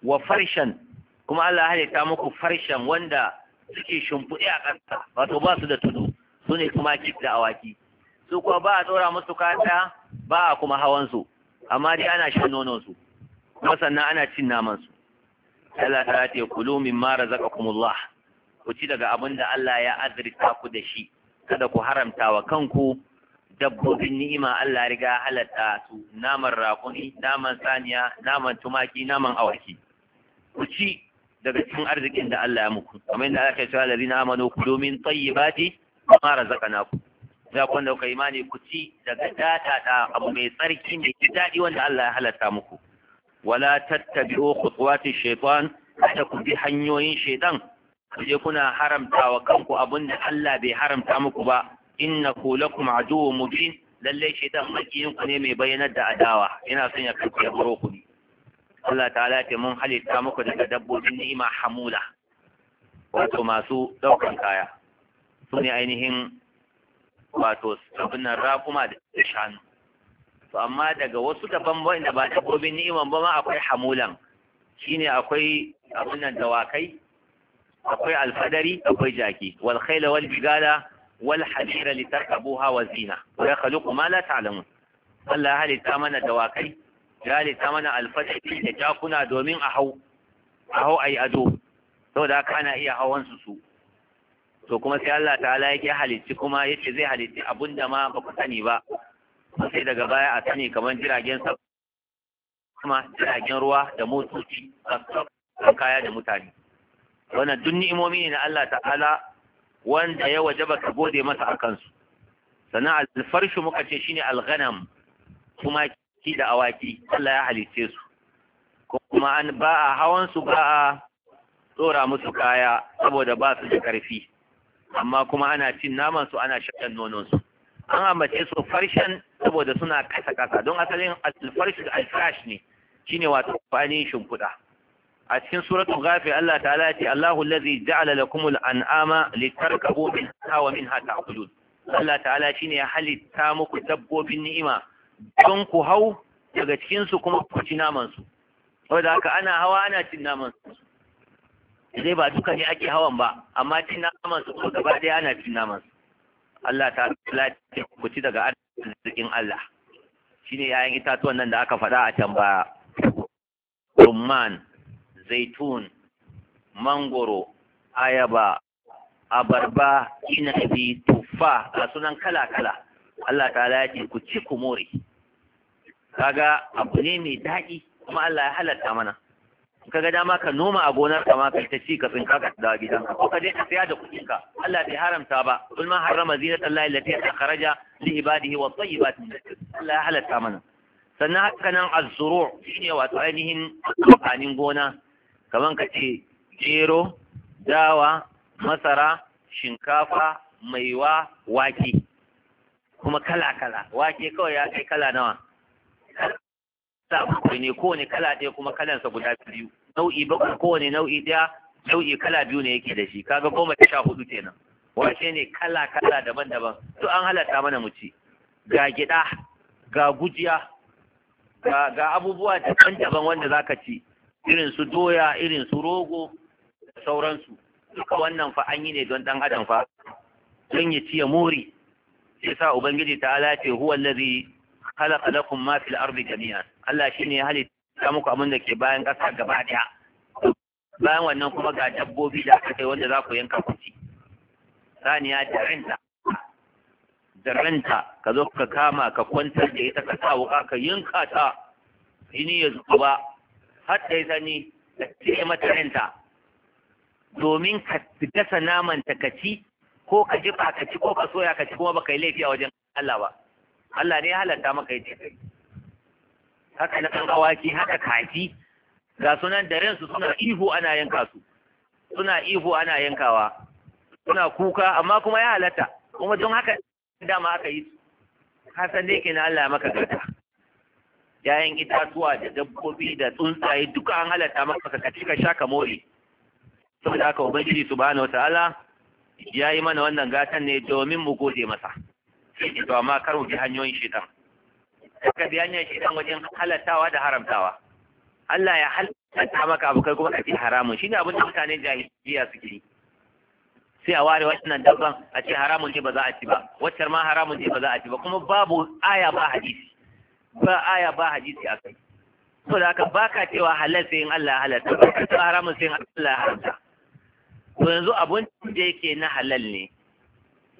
wa farshen kuma Allah ya halitta muku farshen wanda suke shimfiɗe a ƙasa wato ba su da tudu su ne kuma da awaki su kuma ba a tsora musu kaya ba a kuma hawansu amma dai ana shan nononsu, su kuma sannan ana cin naman su Allah ta ce kulu mimma razaqakumullah ku ci daga abin da Allah ya azurta ku da shi kada ku haramta wa kanku dabbobin ni'ima Allah riga halatta su naman rakuni naman saniya naman tumaki naman awaki ku ci daga cikin arzikin da Allah ya muku kamar yadda Allah ya ce wa ladina amanu kulu min tayyibati ma razaqnakum da kwanda kuka imani ku ci daga data da abu mai tsarki mai daɗi wanda Allah ya halatta muku wala tattabi'u khutuwati shaytan ta ku bi hanyoyin shaytan ku je kuna haramta wa kanku abin da Allah bai haramta muku ba innahu lakum aduwwun mubin lalle shaytan makiyin ku ne mai bayyanar da adawa ina son ya kace ya baro ku ne Allah ta'ala ce mun halitta muku daga dabbobin ni'ima hamula wato masu daukan kaya su ne ainihin wato abin nan rakuma da shanu to amma daga wasu daban wanda ba dabbobin ni'iman ba ma akwai hamulan shine akwai abin nan dawakai akwai alfadari akwai jaki wal khayla wal bigala wal hadira litarkabuha wa zina wa yakhluqu ma la ta'lamun Allah halitta mana dawakai ya halitta mana alfadari da jakuna domin a hau a hau ayi ado saboda kana iya hawan su su to kuma sai Allah ta'ala yake halitti kuma yake zai halitti abun da ma ba ku sani ba sai daga baya a sani kamar jiragen sama kuma jiragen ruwa da motoci da kaya da mutane wannan duk ni'imomi ne na Allah ta'ala wanda ya wajaba ka gode masa a kansu sannan alfarshu muka ce shine alghanam kuma ki da awaki Allah ya halitte su kuma an ba a hawan su ba a tsora musu kaya saboda ba su da karfi amma kuma ana cin naman su ana shan nonon su an ambace su farshen saboda suna kasa kasa don asalin alfarshi da alfash ne shine wato fani shimfiɗa a cikin suratul ghafir Allah ta'ala ya ce Allahu allazi ja'ala lakumul an'ama litarkabu minha wa minha ta'kulun Allah ta'ala shine ya halitta muku dabbobin ni'ima don ku hau daga cikin su kuma ku ci naman su saboda haka ana hawa ana cin naman su Sai ba duka ne ake hawan ba amma cin naman su kuma gaba ɗaya ana cin naman su Allah ta lafiya ku ci daga arzikin Allah shine yayin itatuwan nan da aka faɗa a can ba. rumman zaitun mangoro ayaba abarba inabi tufa a sunan kala kala Allah ta lafiya ku ci ku more kaga abu ne mai daɗi kuma Allah ya halatta mana ka dama ka noma a gonar ka ma ka ta ci ka tsinka ka dawo gidanka ko ka je ka saya da kuɗin ka Allah bai haramta ba kul ma harrama Allah allati akhraja li ibadihi wa tayyibat Allah ya halatta mana sannan haka nan az shine wato ainihin amfanin gona kaman ka ce jero dawa masara shinkafa maiwa wake kuma kala kala wake kawai ya kai kala nawa sa bakwai ne kowane kala ɗaya kuma kalansa guda biyu nau'i bakwai kowane nau'i ɗaya nau'i kala biyu ne yake da shi kaga goma ta sha hudu kenan wace ne kala kala daban-daban to an halarta mana mu ci ga gida ga gujiya ga abubuwa daban-daban wanda zaka ci irin su doya irin su rogo da sauransu duka wannan fa an yi ne don dan adam fa don ya ci ya mori sai sa ubangiji ta ala ce huwa allazi khalaqa lakum ma fil ardi jami'an Allah shi ne ya ta muku abin da ke bayan ƙasa gaba ɗaya bayan wannan kuma ga dabbobi da aka kai wanda za ku yanka kuti. Sani ya da ranta ka zo ka kama ka kwantar da ita ka sa wuka ka yanka ta jini ya zuba ba har ta yi sani ka ce mata ranta domin ka dasa naman ta ka ci ko ka jifa ka ci ko ka soya ka ci kuma baka yi laifi a wajen Allah ba Allah ne ya halatta maka yi ce kai haka na ɗan awaki haka kaji ga sunan da ransu suna ihu ana yanka su suna ihu ana yankawa suna kuka amma kuma ya halatta kuma don haka dama aka yi hasan yake kenan Allah ya maka gata yayin itatuwa da dabbobi da tsuntsaye duka an halatta maka ka ka sha ka more saboda haka ubangiji subhanahu wataala ya yi mana wannan gatan ne domin mu gode masa sai ki to amma kar mu bi hanyoyin shaitan Daga biyanya shi dan wajen halaltawa da haramtawa Allah ya halalta maka abu kai kuma kake haramun shine abin da mutane jahiliya suke yi sai a ware wannan dabban a ce haramun ce ba za a ci ba waccar ma haramun ce ba za a ci ba kuma babu aya ba hadisi ba aya ba hadisi a kai saboda haka baka cewa halal sai in Allah ya halatta ba haramun sai in Allah ya haramta to yanzu abun da yake na halal ne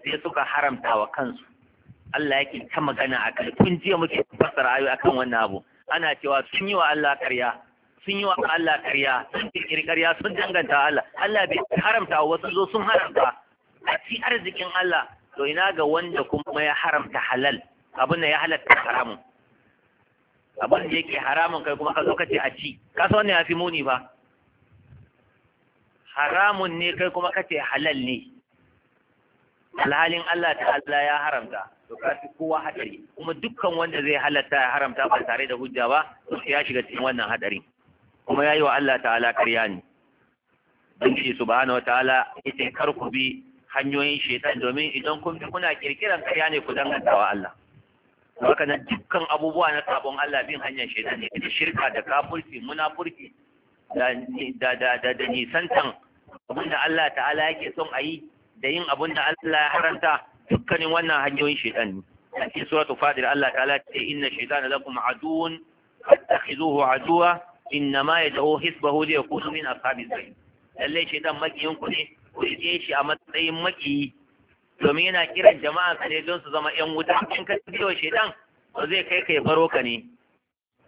sai suka haramta wa kansu Allah yake ta magana a kai Kun jiya muke fassara ayoyi akan wannan abu ana cewa sun yi wa Allah karya sun yi wa Allah karya sun kirkiri karya sun danganta Allah Allah bai haramta wasu zo sun haramta a ci arzikin Allah to ina ga wanda kuma ya haramta halal abin da ya halatta haramun abin da yake haramun kai kuma ka zo ka ce a ci ka san wannan ya fi muni ba haramun ne kai kuma ka ce halal ne alhalin Allah Allah ya haramta to ka fi kowa hadari kuma dukkan wanda zai halatta ya haramta ba tare da hujja ba to ya shiga cikin wannan hadari kuma yayi wa Allah ta'ala ƙarya ne shi subhanahu wa ta'ala ita kar ku bi hanyoyin shaitan domin idan kun bi kuna kirkiran ƙarya ne ku danganta wa Allah haka nan dukkan abubuwa na sabon Allah bin hanyar shaitan ne ita shirka da kafirci munafurci da da da da, da nisantan abinda Allah ta'ala yake son a yi da yin abinda Allah ya haranta dukkanin wannan hanyoyin shaitan ne cikin suratul fatir Allah ta'ala ce inna shaytana lakum aduwwun fattakhizuhu aduwa innama yad'u hisbahu li yakunu min ashabiz jahim lalle shaitan makiyin ku ne ku je shi a matsayin makiyi domin yana kiran jama'a ne don su zama yan wuta in ka biyo shaitan to zai kai ka baro ka ne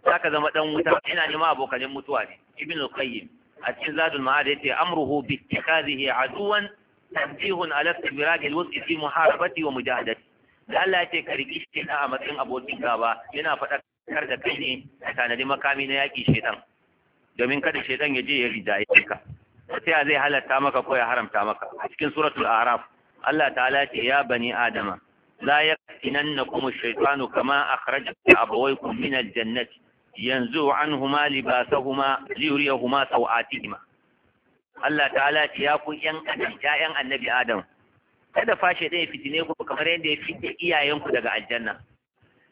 zaka zama dan wuta yana nema abokanin mutuwa ne ibn al-qayyim a cikin zadul ma'ad yace amruhu bi ittikhadhihi aduwan tanbihun ala istibrak alwasf fi muharabati wa mujahadati da Allah ya ce ka riƙi shi a matsayin abokin ba, yana faɗakar da kai ne a tanadin makami na yaƙi shaitan domin kada shaitan ya je ya rijaye ka sai zai halarta maka ko ya haramta maka a cikin suratul araf Allah ta'ala ce ya bani adama la yaqtinannakum ash-shaytanu kama akhraja abawaykum min al Jannat, yanzu an anhuma libasahuma liyuriyahuma sawatihima Allah ta'ala ce ya ku yan adam ƴaƴan annabi Adam kada fashe ɗaya fitine ku kamar yadda ya fidda iyayenku daga aljanna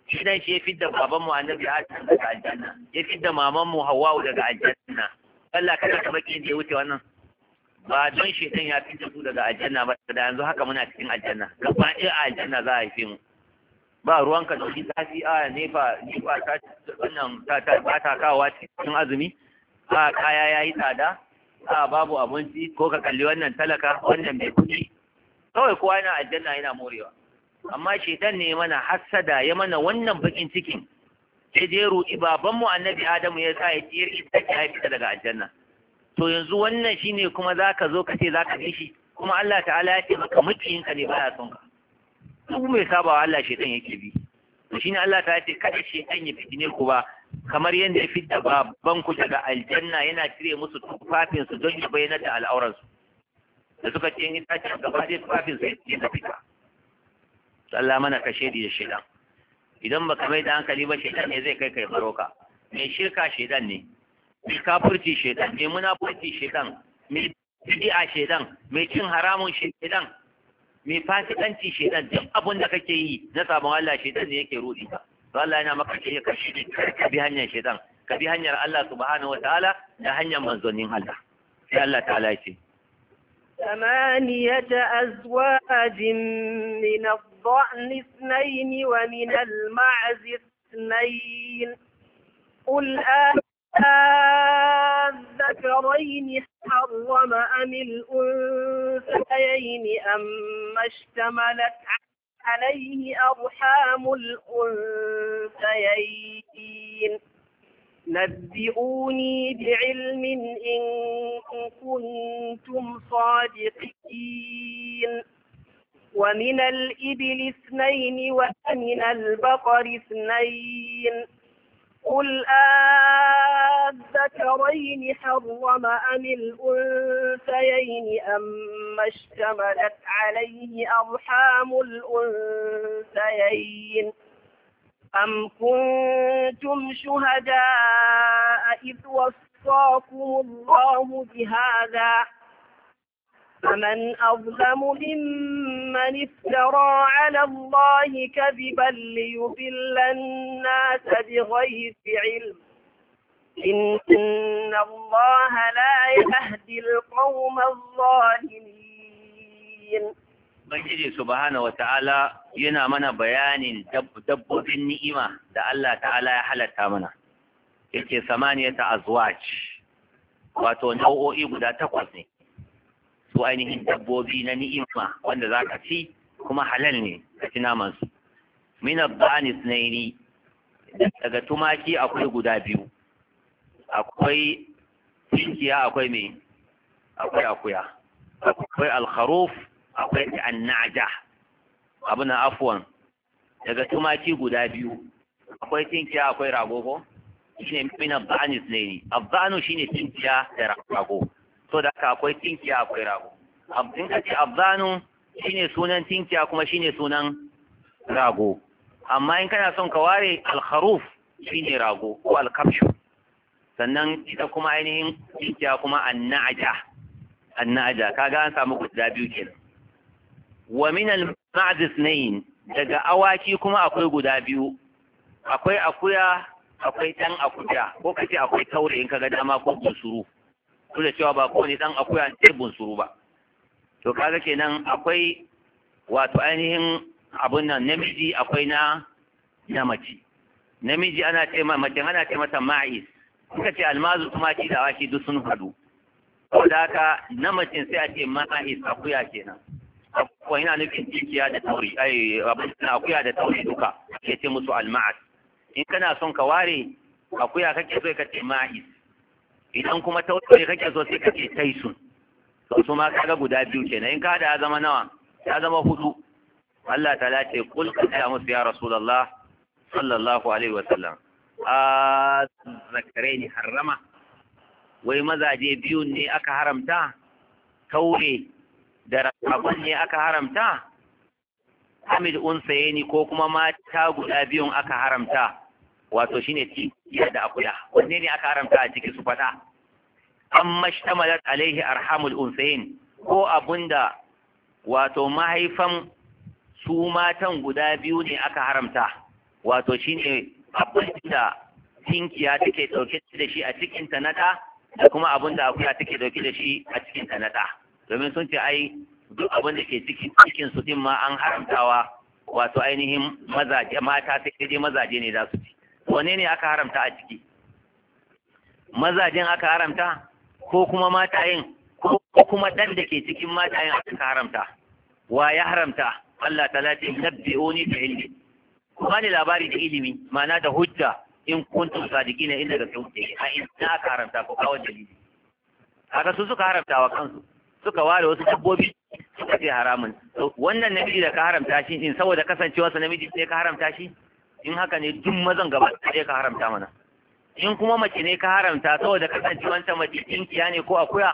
shidan shi ya fidda baban mu annabi Adam daga aljanna ya fidda maman mu Hawwa daga aljanna Allah ka saka baki da ya wuce wannan ba don shi dan ya fidda su daga aljanna ba da yanzu haka muna cikin aljanna gaba ɗaya a aljanna za a haife mu ba ruwanka da shi zafi a nefa nefa ta wannan ta ta ba ta kawo cikin azumi a kaya yayi tsada a babu abinci ko ka kalli wannan talaka wannan mai kuɗi kawai kowa yana aljanna yana morewa amma shaitan ne mana hassada ya mana wannan bakin cikin sai je ruɗi babanmu annabi adamu ya sa ya tsiyar ita ke haifita daga aljanna to yanzu wannan shine kuma zaka zo ka ce zaka bi shi kuma Allah ta'ala ya ce maka ka ne baya son ka duk mai sabawa Allah ya yake bi to shine Allah ta ce kada shaitan ya fitine ku ba kamar yadda ya fidda babban ku daga aljanna yana cire musu tufafin su don yi bayyana da al'auran su da suka ce in ta ce gaba da tufafin su ya fita Allah mana ka da shedan idan baka mai da hankali ba shedan ne zai kai kai baroka mai shirka shedan ne mai kafirci shedan mai munafurci shedan mai bid'a shedan mai cin haramun shedan mai fasikanci shedan duk abin da kake yi na sabon Allah shedan ne yake rudi ka to Allah yana maka shi ka shi ka bi hanyar shaitan ka bi hanyar Allah subhanahu wataala da hanyar manzonin Allah sai Allah ta'ala ce ثمانية أزواج من الضأن اثنين ومن المعز اثنين قل الذكرين حرم أم الأنثيين أم اشتملت عليه أرحام الأنثيين نبئوني بعلم إن كنتم صادقين ومن الإبل اثنين ومن البقر اثنين قل أذكرين حرم أم الأنثيين أم اشتملت عليه أرحام الأنثيين أم كنتم شهداء إذ وصاكم الله بهذا فمن أظلم ممن افترى على الله كذبا ليضل الناس بغير علم إن الله لا يهدي القوم الظالمين بجد سبحانه وتعالى ينا منا بيان دب دب النئمة دا الله تعالى حالة منا يتي ثمانية أزواج واتو نوئي بدا تقوز wato ainihin dabbobi na ni'ima wanda za ka ci kuma halal ne ka ci namansu min abdani sunaini daga tumaki akwai guda biyu akwai tinkiya akwai me akwai akuya akwai alkharuf akwai annaja abuna afuwan. daga tumaki guda biyu akwai tinkiya akwai rago ko ne min abdani sunaini abdanu shine tinkiya da rago so da haka akwai tinkiya akwai rago in ka ce abzanu shine sunan tinkiya kuma shine sunan rago amma in kana son ka ware alkharuf shine rago ko alkafshu sannan ita kuma ainihin tinkiya kuma annaja annaja kaga an samu guda biyu kenan wa min al-ma'dis nayn daga awaki kuma akwai guda biyu akwai akuya akwai dan akuya ko kace akwai taure in kaga dama ko busuru duk da cewa ba kowane dan akuya ne suru ba to kaga kenan akwai wato ainihin abun nan namiji akwai na na mace namiji ana ce ma mace ana ce mata ma'is suka ce almazu kuma ci da waki duk sun hadu da haka na mace sai a ce ma'is akuya kenan akwai na nufin cikiya da tauri ai abin akuya da tauri duka ke ce musu alma'as in kana son ka ware akuya kake so ka ce ma'is idan kuma tawakkali kake so sai kace taisun to su ma kaga guda biyu kenan in ka da zama nawa ya zama hudu Allah ta lace kul ka ya musu ya rasulullah sallallahu alaihi wa sallam a zakaraini harrama wai mazaje biyun ne aka haramta taure da rabon ne aka haramta hamid unsayeni ko kuma mata guda biyun aka haramta wato shine ya da akuya wanne ne aka haramta a cikin su fada amma shtamalat alaihi arhamul unsayin ko abunda wato mahaifan su matan guda biyu ne aka haramta wato shine abinda tinkiya take dauke da shi a cikin ta nada da kuma abinda akuya take dauke da shi a cikin ta nada domin sun ce ai duk abin da ke cikin cikin su din ma an haramtawa wato ainihin mazaje mata sai dai mazaje ne za su ci wane ne aka haramta a ciki mazajen aka haramta ko kuma matayin ko kuma ɗan da ke cikin matayen aka haramta wa ya haramta Allah ta lati nabbi'uni da ilmi kuma ne labari da ilimi ma'ana da hujja in kuntum sadiqina inda da kuke a ina aka haramta ko kawai dalili haka su suka haramta wa kansu suka ware wasu dabbobi suka ce haramun wannan namiji da ka haramta shi in saboda kasancewarsa namiji sai ka haramta shi in haka ne duk mazan gaba ɗaya ka haramta mana in kuma mace ne ka haramta saboda kasancewanta mace tinkiya ne ko akuya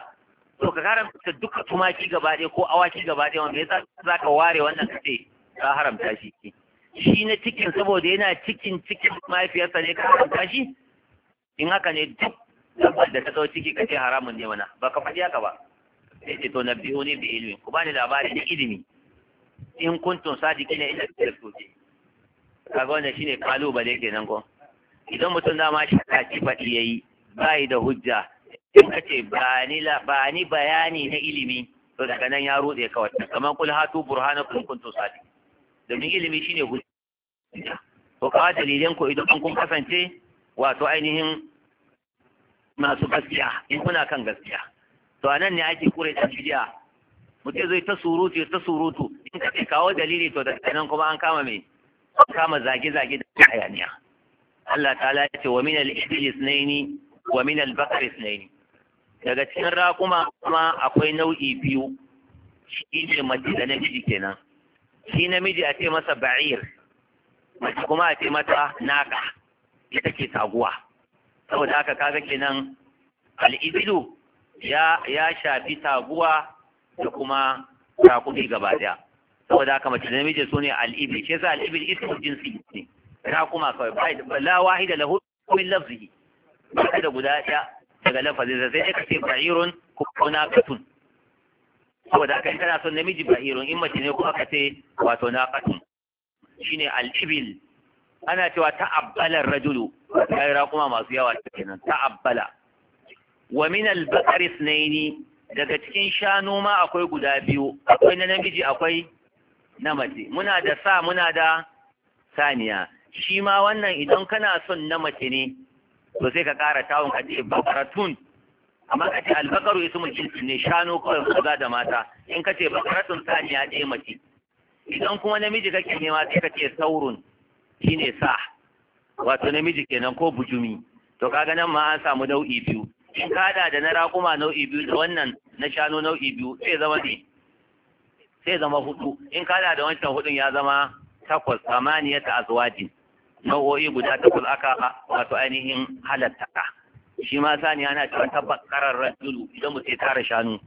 to ka haramta duka tumaki gaba ɗaya ko awaki gaba ɗaya wanda yasa za ka ware wannan kace ka haramta shi shi na cikin saboda yana cikin cikin mahaifiyarsa ne ka haramta shi in haka ne duk dabbar da ta zo ciki kace haramun ne mana ba ka faɗi haka ba sai ce to na biyo ne da ilimi ku bani labari da ilimi in kuntum sadiki ne ina da tsoke kaga wannan shine kalubale kenan ko idan mutum dama ci faɗi yayi bai da hujja in kace bani la ba ni bayani na ilimi to daga nan ya rude kawai kamar kul hatu burhanakum kuntum sadi domin ilimi shine hujja to kawo dalilan ku idan kun kasance wato ainihin masu gaskiya in kuna kan gaskiya to anan ne ake kure ta bidiya mutum zai ta surutu ta surutu in ka kawo dalili to daga nan kuma an kama mai kama zage-zage da hayaniya Allah ta'ala ya ce wa min al-ibli wa min al-baqar daga cikin raƙuma kuma akwai nau'i biyu shi ne mace da namiji kenan shi namiji a ce masa ba'ir mace kuma a ce mata naka ita ke taguwa saboda haka kaga kenan al ibilu ya shafi taguwa da kuma raƙumi gaba daya saboda haka mace da namiji sune al'ibil shi yasa al'ibil ismu jinsi ne na kuma kawai ba la wahida lahu min lafzihi ba da guda ɗaya daga lafazin sai ka ce ba'irun ko na katun saboda haka in kana son namiji ba'irun in mace ne kuma ka ce wato na katun shine al'ibil ana cewa ta'abbala rajulu kai kuma masu yawa kenan ta'abbala wa min al-baqari daga cikin shanu ma akwai guda biyu akwai na namiji akwai na mace muna da sa muna da saniya shi ma wannan idan kana son na mace ne to sai ka ƙara tawon ka ce bakaratun amma ka ce albakaru ya mu jinsin ne shanu kawai maza da mata in ka ce bakaratun saniya ɗaya mace idan kuma namiji kake nema sai ka ce saurun shine sa wato namiji kenan ko bujumi to kaga nan ma an samu nau'i biyu in ka da na raƙuma nau'i biyu da wannan na shanu nau'i biyu sai zama ne sai zama hudu in ka da wancan hudun ya zama takwas samaniya ta azwaji nau'o'i guda takwas aka wato ainihin halatta shi ma sani ana cewa tabbas karar rajulu idan mu sai tara shanu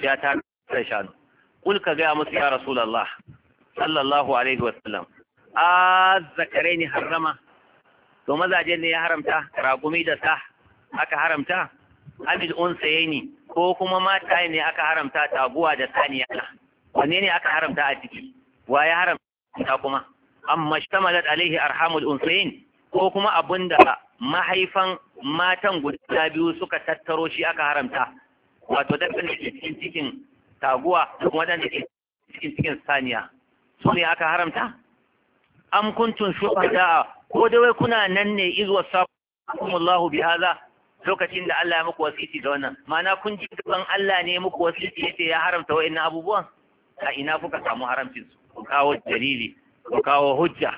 ya tara shanu kul ka gaya musu ya rasulullah sallallahu alaihi wa a zakarai ne harrama to mazaje ne ya haramta ragumi da sa aka haramta abid unsayni ko kuma mata ne aka haramta taguwa da saniya wanne ne aka haramta a ciki wa ya haramta kuma amma shtamalat alaihi arhamul unsayin ko kuma abinda mahaifan matan guda biyu suka tattaro shi aka haramta wato da ke cikin cikin taguwa da kuma dan cikin cikin saniya su ne aka haramta am kuntum shuhada ko dai wai kuna nan ne iz wasakumullahu bihaza lokacin da Allah ya muku wasiti da wannan ma'ana kun ji gaban Allah ne muku wasiti yace ya haramta wa'annan abubuwan a ina kuka samu haramcin su ku kawo dalili ku kawo hujja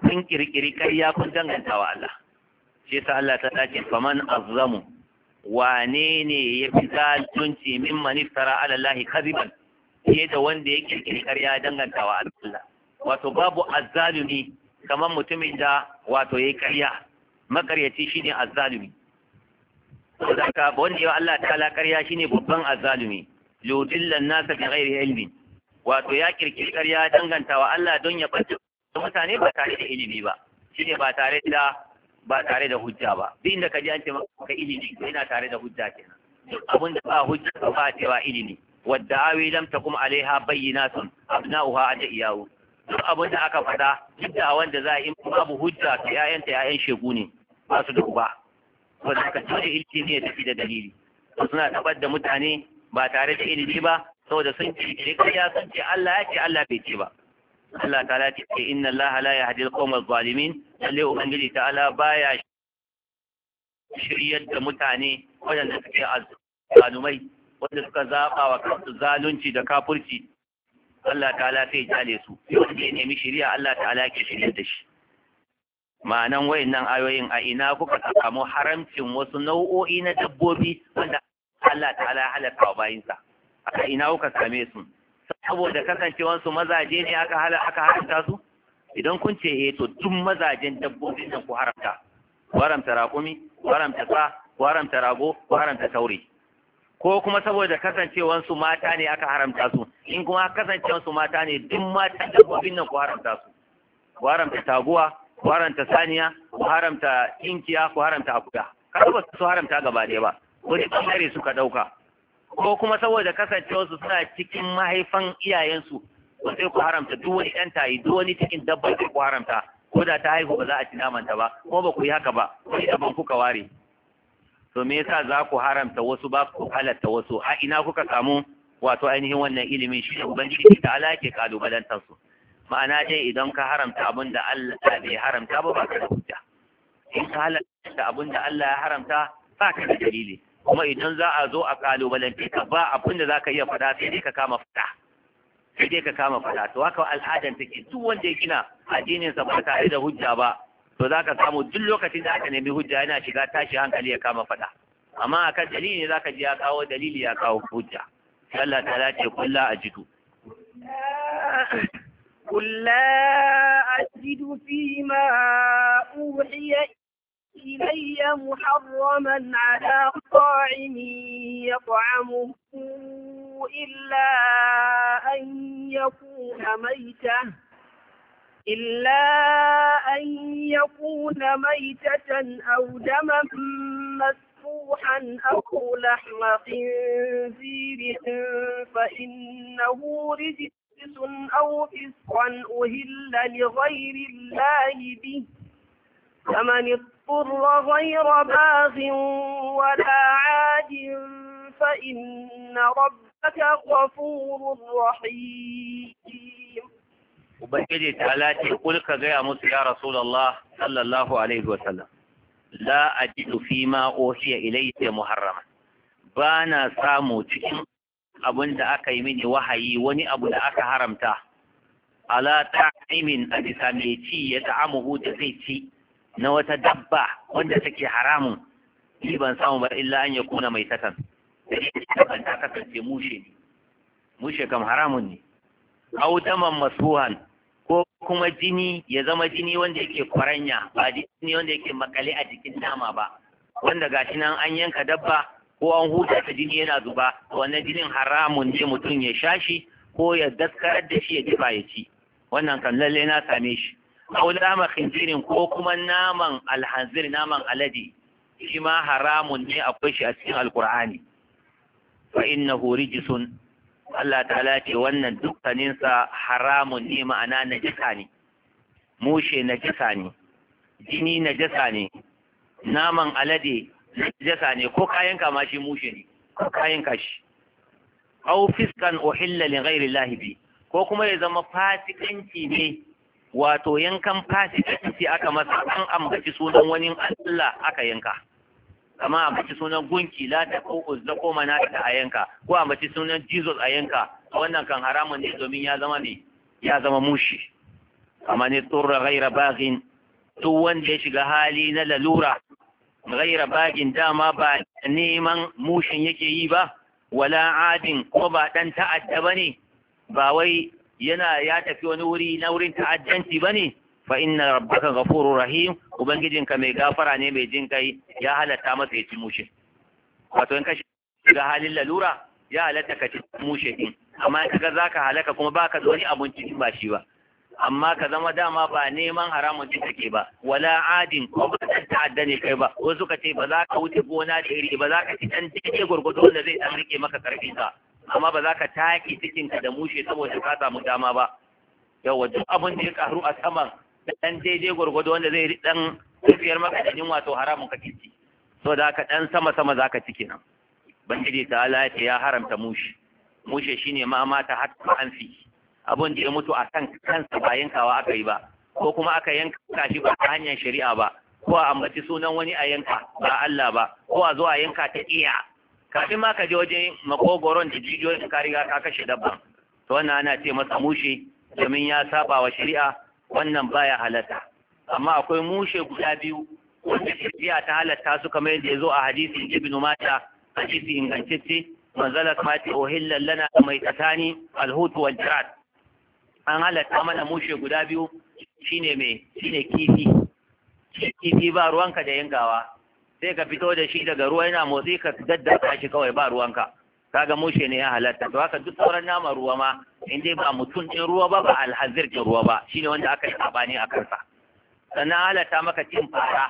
sun kirkiri ya kun danganta wa Allah shi yasa Allah ta dace faman azzamu wane ne ya fi zalunci min manistara ala Allah kadiban fiye da wanda ya kirkiri ya danganta wa Allah wato babu azzalumi kamar mutumin da wato yayi kariya makaryaci shine azzalumi saboda wanda ya Allah ta kala kariya shine babban azzalumi yudillan nasa bi ghairi ilmi wato ya kirkiri ƙarya danganta wa Allah don ya bace mutane ba tare da ilimi ba shine ba tare da ba tare da hujja ba din da ka an ce maka ilimi to yana tare da hujja kenan duk abin da ba hujja ba ba cewa ilimi wadda awi lam takum alaiha bayyinatun abna'uha iyawu duk abin da aka faɗa duk da wanda za a yi babu hujja ta ƴaƴan ta ƴaƴan shegu ne ba su da uba wanda aka ilimi ne tafi da dalili suna tabar da mutane ba tare da ilimi ba saboda sun ce kirkiya sun ce Allah ya ce Allah bai ce ba Allah ta ce inna Allah la yahdi al-qawm al-zalimin lalle ubangiji ta'ala baya shiryar da mutane waɗanda suke azzalumai wanda suka zaba wa kansu zalunci da kafurci Allah ta'ala sai jale su wanda ya nemi shiriya Allah ta'ala ke shiryar da shi ma'anan wayannan ayoyin a ina kuka samu haramcin wasu nau'o'i na dabbobi wanda Allah ta'ala ya halaka wa bayinsa A ina kuka same su saboda kasancewansu mazaje ne aka haramta su idan kun ce eh to duk mazajen dabbobin nan ku haramta ku haramta raƙumi ku haramta sa ku haramta rago ku haramta taure ko kuma saboda kasancewansu mata ne aka haramta su in kuma kasancewansu mata ne duk matan dabbobin nan ku haramta su ku haramta taguwa ku haramta saniya ku haramta inkiya ku haramta akuya kada ba su haramta gaba ɗaya ba wani ɓangare suka ɗauka ko kuma saboda kasancewarsu suna cikin mahaifan iyayensu ba sai ku haramta duk wani ɗan tayi duk wani cikin dabba sai ku haramta ko da ta haihu ba za a ci namanta ba ko ba ku yi haka ba wani daban kuka ware to me yasa za ku haramta wasu ba ku halatta wasu a ina kuka samu wato ainihin wannan ilimin shi ne ubangiji ta ala ke kalubalantar su ma'ana dai idan ka haramta abin da Allah bai haramta ba ba ka da hujja in ka halatta abin da Allah ya haramta ba ka da dalili kuma idan za a zo a kalubalance ka ba abin da ka iya faɗa sai dai ka kama faɗa sai dai ka kama faɗa to haka al'adan take duk wanda ya gina addinin sa ba tare da hujja ba to za ka samu duk lokacin da aka nemi hujja yana shiga tashi hankali ya kama faɗa amma akan dalili ne za ka ji ya kawo dalili ya kawo hujja Allah ta ce kullu ajidu a jidu fi ma uhiya إلي محرما على طاعم يطعمه إلا أن يكون ميتة إلا أن يكون ميتة أو دما مسفوحا أو لحم خنزير فإنه رجس أو فسقا أهل لغير الله به فمن اضطر غير باغ ولا عاد فإن ربك غفور رحيم Ubangiji ta lati kulka gaya musu ya Rasulallah sallallahu Alaihi wasallam, la a ji fi ma ohiya ilaiya muharrama, ba na samu cikin abin da aka yi mini wahayi wani abu da aka haramta, ala ta a bisa mai ci ya ta'amuhu da zai ci na wata dabba wanda take haramun ni ban samu ba illa an ya kuna mai tatan dabban ta kasance mushe ne mushe kam haramun ne au daman masruhan ko kuma jini ya zama jini wanda yake kwaranya ba jini wanda yake makale a jikin nama ba wanda gashi nan an yanka dabba ko an huta ta jini yana zuba wannan jinin haramun ne mutum ya sha shi, ko ya daskarar da shi ya jifa ya ci wannan kan lalle na same shi aulama khinzirin ko kuma naman alhanzir naman alade shi ma haramun ne akwai shi a cikin alkur'ani fa innahu sun, Allah ta ce wannan dukkaninsa haramun ne ma'ana na najasa ne mushe na najasa ne jini na najasa ne naman alade najasa ne ko kayan kama shi mushe ne ko kayan kashi aw fiskan uhilla li ghairi lahi ko kuma ya zama fasikanci ne wato yankan fasikanci aka masa an ambaci sunan wani Allah aka yanka kama ambaci sunan gunki lata ko uzza ko manata a yanka ko ambaci sunan jesus a yanka wannan kan haramun ne domin ya zama ne ya zama mushi amma ne turra ghaira bagin to wanda ya shiga hali na lalura ghaira bagin dama ba neman mushin yake yi ba wala adin ko ba dan ta'adda bane ba wai yana ya tafi wani wuri na wurin ta'addanci bane fa inna rabbaka ghafurur rahim ubangijinka mai gafara ne mai jin kai ya halatta masa ya ci mushe wato in ka shiga halin lalura ya halatta ka ci mushe din amma in kaga zaka halaka kuma baka da wani abinci ba shi ba amma ka zama dama ba neman haramun ci take ba wala adin ko ba ta ta'adda ne kai ba wasu ka ce ba za ka wuce gona da iri ba za ka ci dan daidai gurgudo wanda zai dan rike maka karfin ka amma ba za ka taƙi cikinka da mushe saboda ka samu dama ba yawa duk abin da ya karu a saman da ɗan daidai gwargwado wanda zai ɗan tafiyar maka da wato haramun ka kici so da ka ɗan sama sama za ka ciki nan bangiji ta ala ya haramta mushe mushe shine ma mata har an abin da ya mutu a kan kansa ba yankawa aka yi ba ko kuma aka yanka shi ba ta hanyar shari'a ba ko a ambaci sunan wani a yanka ba Allah ba ko a zo a yanka ta iya kafin ma ka je wajen makogoron da jijiyoyin kariya riga ka kashe dabba to wannan ana ce masa mushe domin ya saba wa shari'a wannan baya halatta amma akwai mushe guda biyu wanda shari'a ta halatta su kamar yadda ya zo a hadisin ibnu mata hadisi ingantacce manzalar ma ce ohillan lana mai tsakani alhutu wal jirat an halatta mana mushe guda biyu shine mai shine kifi kifi ba ruwanka da yankawa sai ka fito da shi daga ruwa yana motsi ka daddaka shi kawai ba ruwanka kaga mushe ne ya halatta to haka duk sauran nama ruwa ma in dai ba mutum din ruwa ba ba alhazir din ruwa ba shine wanda aka yi sabani a kansa sannan halatta maka cin fara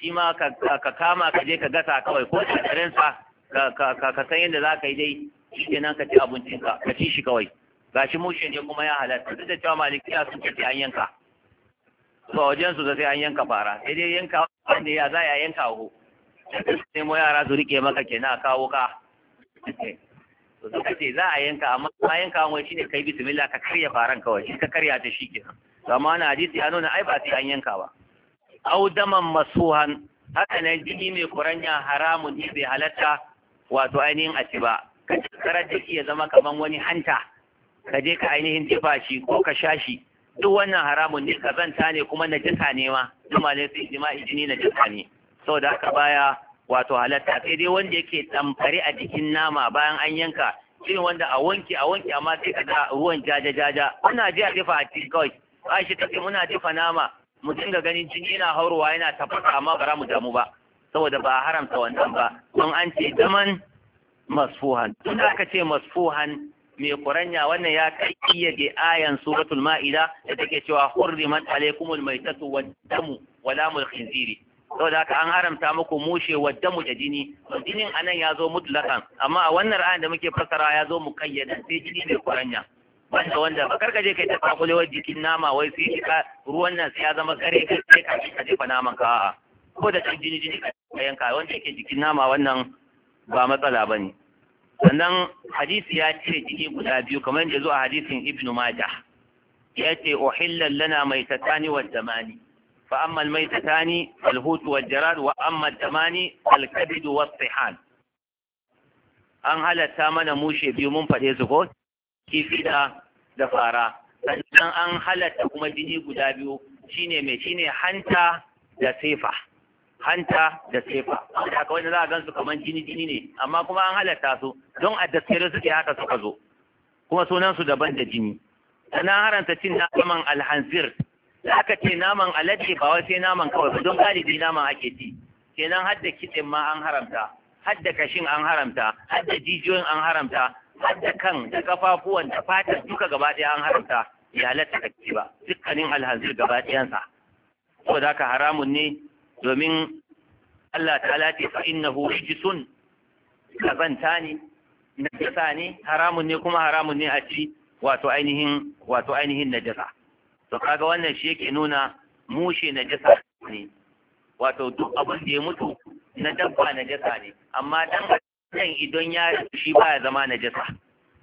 shi ma ka kama ka je ka gasa kawai ko da karensa ka san yadda za ka yi dai shi kenan ka ci abincin ka ci shi kawai gashi mushe ne kuma ya halatta duk da cewa malikiya sun ci an yanka ba wajen su sai an yanka fara sai dai yanka wanda ya za ya yanka ho mo yara su rike maka kenan a kawo ka to suka ce za a yanka amma ba yanka wai shine kai bismillah ka karya faran kawai shi ka karya ta shi kenan to amma na hadisi ya nuna ai ba sai an yanka ba au daman masuhan haka nan jini mai kuranya haramun ne bai halatta wato ainihin a ci ba ka karar da shi ya zama kaman wani hanta ka je ka ainihin jifa shi ko ka sha shi duk wannan haramun ne kazanta ne kuma na jika ne ma kuma ne sai jima'i jini na jika ne saboda haka baya wato halatta sai dai wanda yake tamfare a jikin nama bayan an yanka irin wanda a wanke a wanke amma sai kaga ruwan jaja jaja muna ji a jefa a cikin kawai Aisha take muna jefa nama mu dinga ganin jini yana haurowa yana tafasa amma bara mu damu ba saboda ba haramta wannan ba don an ce zaman masfuhan tun aka ce masfuhan mai kuranya wannan ya kai iya ga ayan suratul ma'ida da take cewa hurriman alaikumul maitatu wa damu wa lamul khinziri saboda haka an haramta muku mushe wa damu da jini jinin anan ya zo mutlakan amma a wannan ra'ayin da muke fassara ya zo mu muqayyadan sai jini mai kuranya wanda wanda ba karka je kai ta wa jikin nama wai sai ka ruwan nan sai ya zama kare ka sai ka ka jefa naman ka a'a ko da kan jini jini ka yanka wanda yake jikin nama wannan ba matsala bane sannan hadisi ya ce jiki guda biyu kamar yadda zuwa a hadisin ibnu majah ya ce uhillan lana maitatani wa zamani. فأما الميتتان الهوت والجراد وأما الدمان الكبد والطحان an halatta mana mushe biyu mun faɗe su ko kifi da da fara sannan an halatta kuma jini guda biyu shine mai shine hanta da sefa hanta da sefa haka wanda za a gansu kamar jini jini ne amma kuma an halatta su don a daskare suke haka suka zo kuma sunan su daban da jini sannan haranta cin naman alhanzir da aka ce naman alade ba wai sai naman kawai ba don galibi naman ake ci kenan har da kitsin ma an haramta har da kashin an haramta har da jijiyoyin an haramta har da kan da kafafuwan da fatar duka gaba ɗaya an haramta ya halatta kake ba dukkanin alhazir gaba ɗayansa da ka haramun ne domin Allah ta'ala ce fa innahu rijsun kazanta ne najasa ne haramun ne kuma haramun ne a ci wato ainihin wato ainihin najasa to kaga wannan shi yake nuna mushe na jasa ne wato duk abin da ya mutu na dabba na jasa ne amma dan nan idan ya shi baya zama na jasa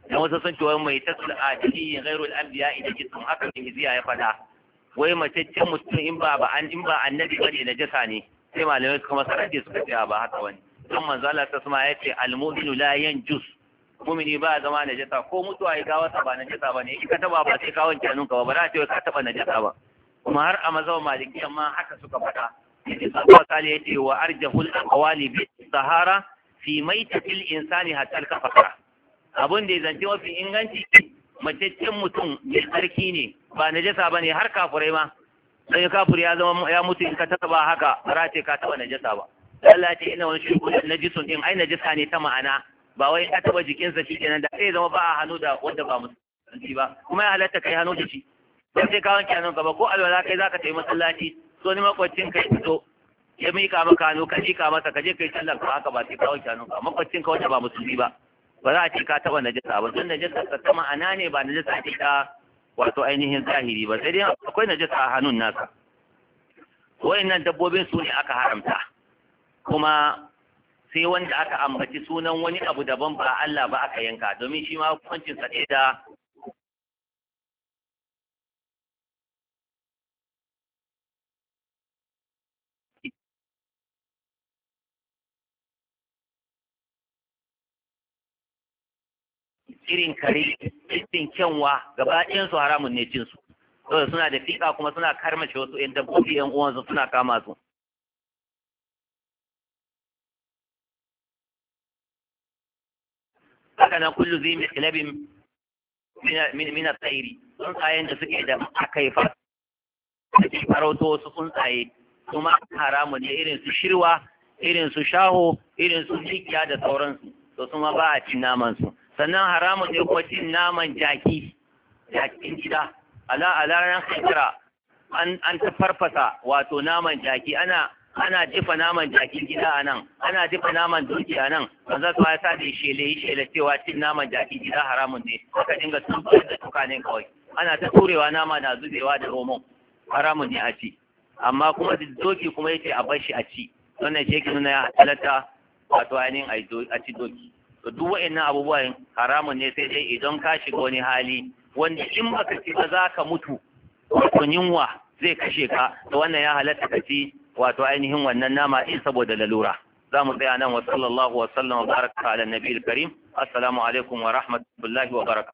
dan wasu sun ce mai tasul adili al anbiya idan kisan haka ne ziya ya fada wai mataccen mutum in ba ba in ba annabi bane na jasa ne sai malamai kuma masa rage suka ce ba haka wani dan manzo Allah ta suma yace, al-mu'minu la yanjus mumini ba ya zama najasa ko mutuwa ya gawa ta ba najasa ba ne in ka taba ba sai kawon kyanun hannunka ba ba za ta yi ka taba najasa ba kuma har a mazawa malikiyan ma haka suka faɗa Abu Sali ya ce wa arjahul aqwali bi sahara fi maitatil insani hatta al-kafara Abin da ya zance mafi inganci mataccen mutum mai tsarki ne ba najasa ba ne har kafurai ma sai kafur ya zama ya mutu in ka taba haka ba za ka taba najasa ba Allah ce ina wani shirku najisun din ai najasa ne ta ma'ana ba wai ya taba jikinsa shi kenan da sai zama ba a hannu da wanda ba musulunci ba kuma ya halatta kai hannu da shi ba sai ka wanke hannunka ba ko alwala kai zaka tafi masallaci so ni makwacin kai fito ya mika maka hannu ka mika masa ka je kai sallan ka haka ba sai ka wanke hannunka makwacin ka wanda ba musulmi ba ba za a ce ka taba najasa ba don najasa ta kama ana ne ba najasa ce ta wato ainihin zahiri ba sai dai akwai najasa a hannun naka wayannan dabbobin su ne aka haramta kuma sai wanda aka ambaci sunan wani abu daban ba Allah ba aka yanka domin shi ma hukuncin sa ne da irin kare cikin kyanwa gaba ɗayan su haramun ne cin su suna da fiƙa kuma suna karmace wasu ƴan dabbobi ƴan uwansu suna kama su haka nan kullu zai mai ilabin mina tsairi tsuntsayen da suke da aka yi farauto wasu tsuntsaye kuma haramu ne irin su shirwa irin su shaho irin su jikiya da sauransu to kuma ba a cin naman su sannan haramu ne kuma cin naman jaki jakin gida ala ala ran an ta farfasa wato naman jaki ana ana jefa naman jakin gida a nan ana jefa naman doki a nan manzo kuma ya sabe shele shele cewa cin naman jakin gida haramun ne aka dinga tuka da tukanin kawai ana ta turewa nama na zubewa da romon haramun ne a ci amma kuma doki kuma yake a bashi a ci wannan shi yake nuna ya halatta wato ainihin a ci doki to duk wa'annan abubuwan haramun ne sai dai idan ka shiga wani hali wanda in baka ci ba za ka mutu wato yunwa zai kashe ka to wannan ya halatta ka ci wato ainihin wannan nama in saboda lalura za mu tsaya nan wa sallallahu wa sallam wa baraka ala nabiyil karim assalamu alaikum wa rahmatullahi wa baraka